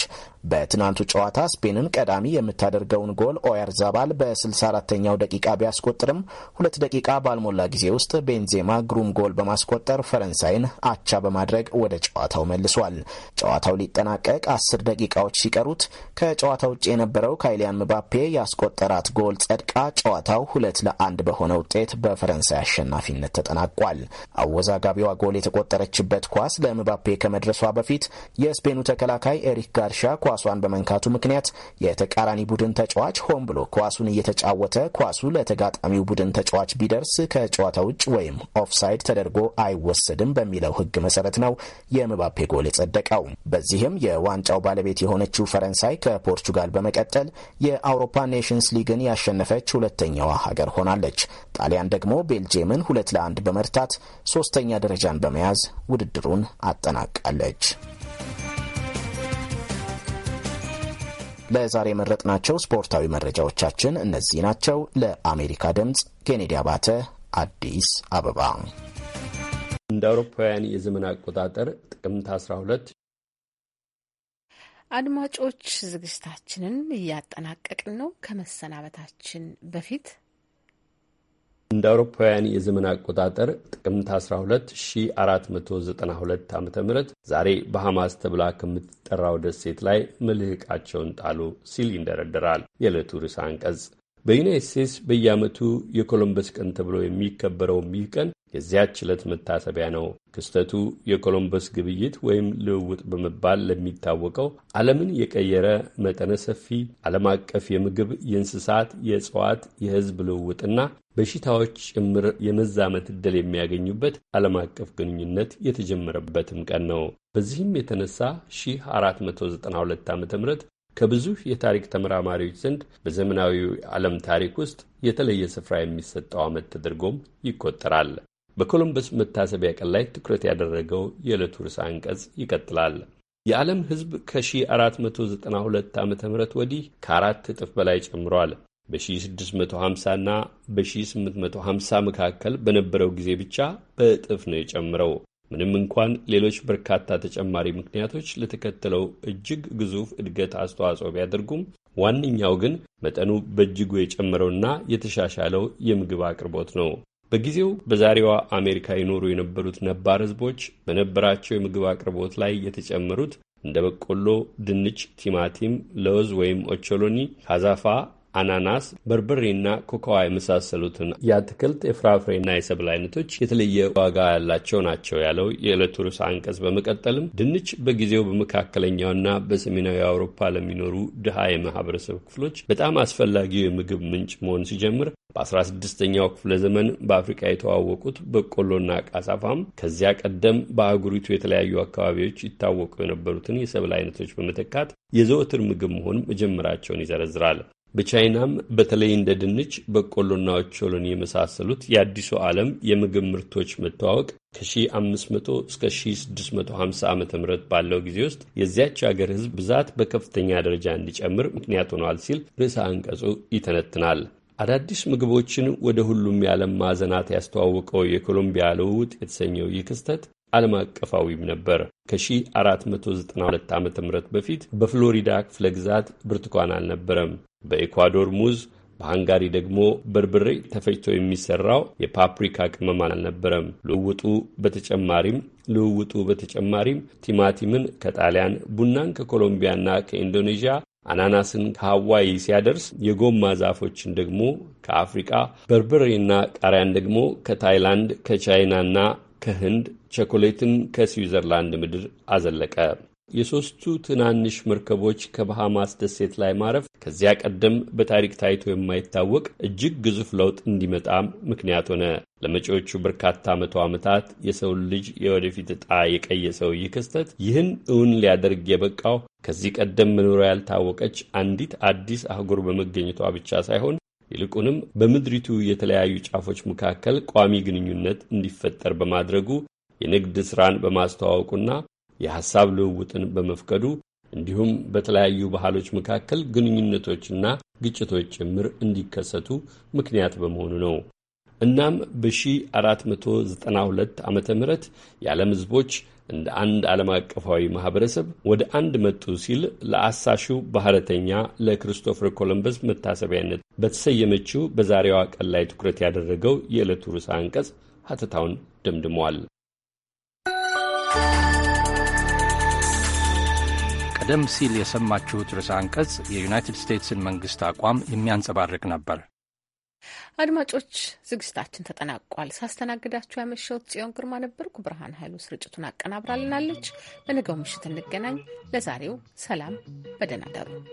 በትናንቱ ጨዋታ ስፔንን ቀዳሚ የምታደርገውን ጎል ኦያርዛባል በ64ኛው ደቂቃ ቢያስቆጥርም ሁለት ደቂቃ ባልሞላ ጊዜ ውስጥ ቤንዜማ ግሩም ጎል በማስቆጠር ፈረንሳይን አቻ በማድረግ ወደ ጨዋታው መልሷል። ጨዋታው ሊጠናቀቅ አስር ደቂቃዎች ሲቀሩት ከጨዋታ ውጭ የነበረው ካይሊያን ምባፔ ያስቆጠራት ጎል ጸድቃ ጨዋታው ሁለት ለአንድ በሆነ ውጤት በፈረንሳይ አሸናፊነት ተጠናቋል። አወዛጋቢዋ ጎል የተቆጠረችበት ኳስ ለምባፔ ከመድረሷ በፊት የስፔኑ ተከላካይ ኤሪክ ጋርሻ ኳስ ኳሷን በመንካቱ ምክንያት የተቃራኒ ቡድን ተጫዋች ሆን ብሎ ኳሱን እየተጫወተ ኳሱ ለተጋጣሚው ቡድን ተጫዋች ቢደርስ ከጨዋታ ውጭ ወይም ኦፍሳይድ ተደርጎ አይወሰድም በሚለው ሕግ መሰረት ነው የምባፔ ጎል የጸደቀው። በዚህም የዋንጫው ባለቤት የሆነችው ፈረንሳይ ከፖርቹጋል በመቀጠል የአውሮፓ ኔሽንስ ሊግን ያሸነፈች ሁለተኛዋ ሀገር ሆናለች። ጣሊያን ደግሞ ቤልጅየምን ሁለት ለአንድ በመርታት ሶስተኛ ደረጃን በመያዝ ውድድሩን አጠናቃለች። ለዛሬ የመረጥናቸው ስፖርታዊ መረጃዎቻችን እነዚህ ናቸው። ለአሜሪካ ድምፅ ኬኔዲ አባተ አዲስ አበባ። እንደ አውሮፓውያን የዘመን አቆጣጠር ጥቅምት 12 አድማጮች፣ ዝግጅታችንን እያጠናቀቅን ነው። ከመሰናበታችን በፊት እንደ አውሮፓውያን የዘመን አቆጣጠር ጥቅምት 12 1492 ዓ ም ዛሬ በሐማስ ተብላ ከምትጠራው ደሴት ላይ መልህቃቸውን ጣሉ ሲል ይንደረደራል የዕለቱ ርዕሰ አንቀጽ። በዩናይት ስቴትስ በየዓመቱ የኮሎምበስ ቀን ተብሎ የሚከበረው ይህ ቀን የዚያች ዕለት መታሰቢያ ነው። ክስተቱ የኮሎምበስ ግብይት ወይም ልውውጥ በመባል ለሚታወቀው ዓለምን የቀየረ መጠነ ሰፊ ዓለም አቀፍ የምግብ፣ የእንስሳት፣ የእጽዋት፣ የሕዝብ ልውውጥና በሽታዎች ጭምር የመዛመት ዕድል የሚያገኙበት ዓለም አቀፍ ግንኙነት የተጀመረበትም ቀን ነው። በዚህም የተነሳ 1492 ዓ ም ከብዙ የታሪክ ተመራማሪዎች ዘንድ በዘመናዊ ዓለም ታሪክ ውስጥ የተለየ ስፍራ የሚሰጠው ዓመት ተደርጎም ይቆጠራል። በኮሎምበስ መታሰቢያ ቀን ላይ ትኩረት ያደረገው የዕለቱ ርዕሰ አንቀጽ ይቀጥላል። የዓለም ሕዝብ ከ1492 ዓ ም ወዲህ ከአራት እጥፍ በላይ ጨምሯል። በ1650 እና በ1850 መካከል በነበረው ጊዜ ብቻ በእጥፍ ነው የጨምረው። ምንም እንኳን ሌሎች በርካታ ተጨማሪ ምክንያቶች ለተከተለው እጅግ ግዙፍ እድገት አስተዋጽኦ ቢያደርጉም ዋነኛው ግን መጠኑ በእጅጉ የጨመረውና የተሻሻለው የምግብ አቅርቦት ነው። በጊዜው በዛሬዋ አሜሪካ ይኖሩ የነበሩት ነባር ሕዝቦች በነበራቸው የምግብ አቅርቦት ላይ የተጨመሩት እንደ በቆሎ፣ ድንች፣ ቲማቲም፣ ለውዝ ወይም ኦቾሎኒ፣ ካዛፋ፣ አናናስ፣ በርበሬና ኮኮዋ የመሳሰሉትን የአትክልት የፍራፍሬና የሰብል አይነቶች የተለየ ዋጋ ያላቸው ናቸው ያለው የዕለቱ ርዕሰ አንቀጽ በመቀጠልም ድንች በጊዜው በመካከለኛውና በሰሜናዊ አውሮፓ ለሚኖሩ ድሃ የማህበረሰብ ክፍሎች በጣም አስፈላጊው የምግብ ምንጭ መሆን ሲጀምር በ16ኛው ክፍለ ዘመን በአፍሪካ የተዋወቁት በቆሎና ቃሳፋም ከዚያ ቀደም በአህጉሪቱ የተለያዩ አካባቢዎች ይታወቁ የነበሩትን የሰብል አይነቶች በመተካት የዘወትር ምግብ መሆን መጀመራቸውን ይዘረዝራል። በቻይናም በተለይ እንደ ድንች፣ በቆሎና ኦቾሎኒ የመሳሰሉት የአዲሱ ዓለም የምግብ ምርቶች መተዋወቅ ከ1500 እስከ 1650 ዓ ም ባለው ጊዜ ውስጥ የዚያች አገር ሕዝብ ብዛት በከፍተኛ ደረጃ እንዲጨምር ምክንያት ሆኗል ሲል ርዕሰ አንቀጹ ይተነትናል። አዳዲስ ምግቦችን ወደ ሁሉም የዓለም ማዕዘናት ያስተዋወቀው የኮሎምቢያ ልውውጥ የተሰኘው ይህ ክስተት ዓለም አቀፋዊም ነበር። ከ1492 ዓ ም በፊት በፍሎሪዳ ክፍለ ግዛት ብርቱካን አልነበረም። በኤኳዶር ሙዝ፣ በሃንጋሪ ደግሞ በርብሬ ተፈጭቶ የሚሰራው የፓፕሪካ ቅመም አልነበረም። ልውውጡ በተጨማሪም ልውውጡ በተጨማሪም ቲማቲምን ከጣሊያን ቡናን ከኮሎምቢያና ከኢንዶኔዥያ አናናስን ከሐዋይ ሲያደርስ የጎማ ዛፎችን ደግሞ ከአፍሪቃ በርበሬና ቃሪያን ደግሞ ከታይላንድ ከቻይናና ከህንድ፣ ቸኮሌትን ከስዊዘርላንድ ምድር አዘለቀ። የሦስቱ ትናንሽ መርከቦች ከባሃማስ ደሴት ላይ ማረፍ ከዚያ ቀደም በታሪክ ታይቶ የማይታወቅ እጅግ ግዙፍ ለውጥ እንዲመጣም ምክንያት ሆነ። ለመጪዎቹ በርካታ መቶ ዓመታት የሰውን ልጅ የወደፊት ዕጣ የቀየሰው ይህ ክስተት ይህን እውን ሊያደርግ የበቃው ከዚህ ቀደም መኖሪያ ያልታወቀች አንዲት አዲስ አህጉር በመገኘቷ ብቻ ሳይሆን ይልቁንም በምድሪቱ የተለያዩ ጫፎች መካከል ቋሚ ግንኙነት እንዲፈጠር በማድረጉ የንግድ ሥራን በማስተዋወቁና የሐሳብ ልውውጥን በመፍቀዱ እንዲሁም በተለያዩ ባህሎች መካከል ግንኙነቶችና ግጭቶች ጭምር እንዲከሰቱ ምክንያት በመሆኑ ነው። እናም በ1492 ዓ ም የዓለም ሕዝቦች እንደ አንድ ዓለም አቀፋዊ ማህበረሰብ ወደ አንድ መጡ ሲል ለአሳሹ ባህረተኛ ለክሪስቶፈር ኮሎምበስ መታሰቢያነት በተሰየመችው በዛሬዋ ቀን ላይ ትኩረት ያደረገው የዕለቱ ርዕሰ አንቀጽ ሀተታውን ደምድመዋል። ቀደም ሲል የሰማችሁት ርዕሰ አንቀጽ የዩናይትድ ስቴትስን መንግሥት አቋም የሚያንጸባርቅ ነበር። አድማጮች ዝግጅታችን ተጠናቋል። ሳስተናግዳችሁ ያመሸሁት ጽዮን ግርማ ነበርኩ። ብርሃን ኃይሉ ስርጭቱን አቀናብራልናለች። በነገው ምሽት እንገናኝ። ለዛሬው ሰላም፣ በደህና ደሩ።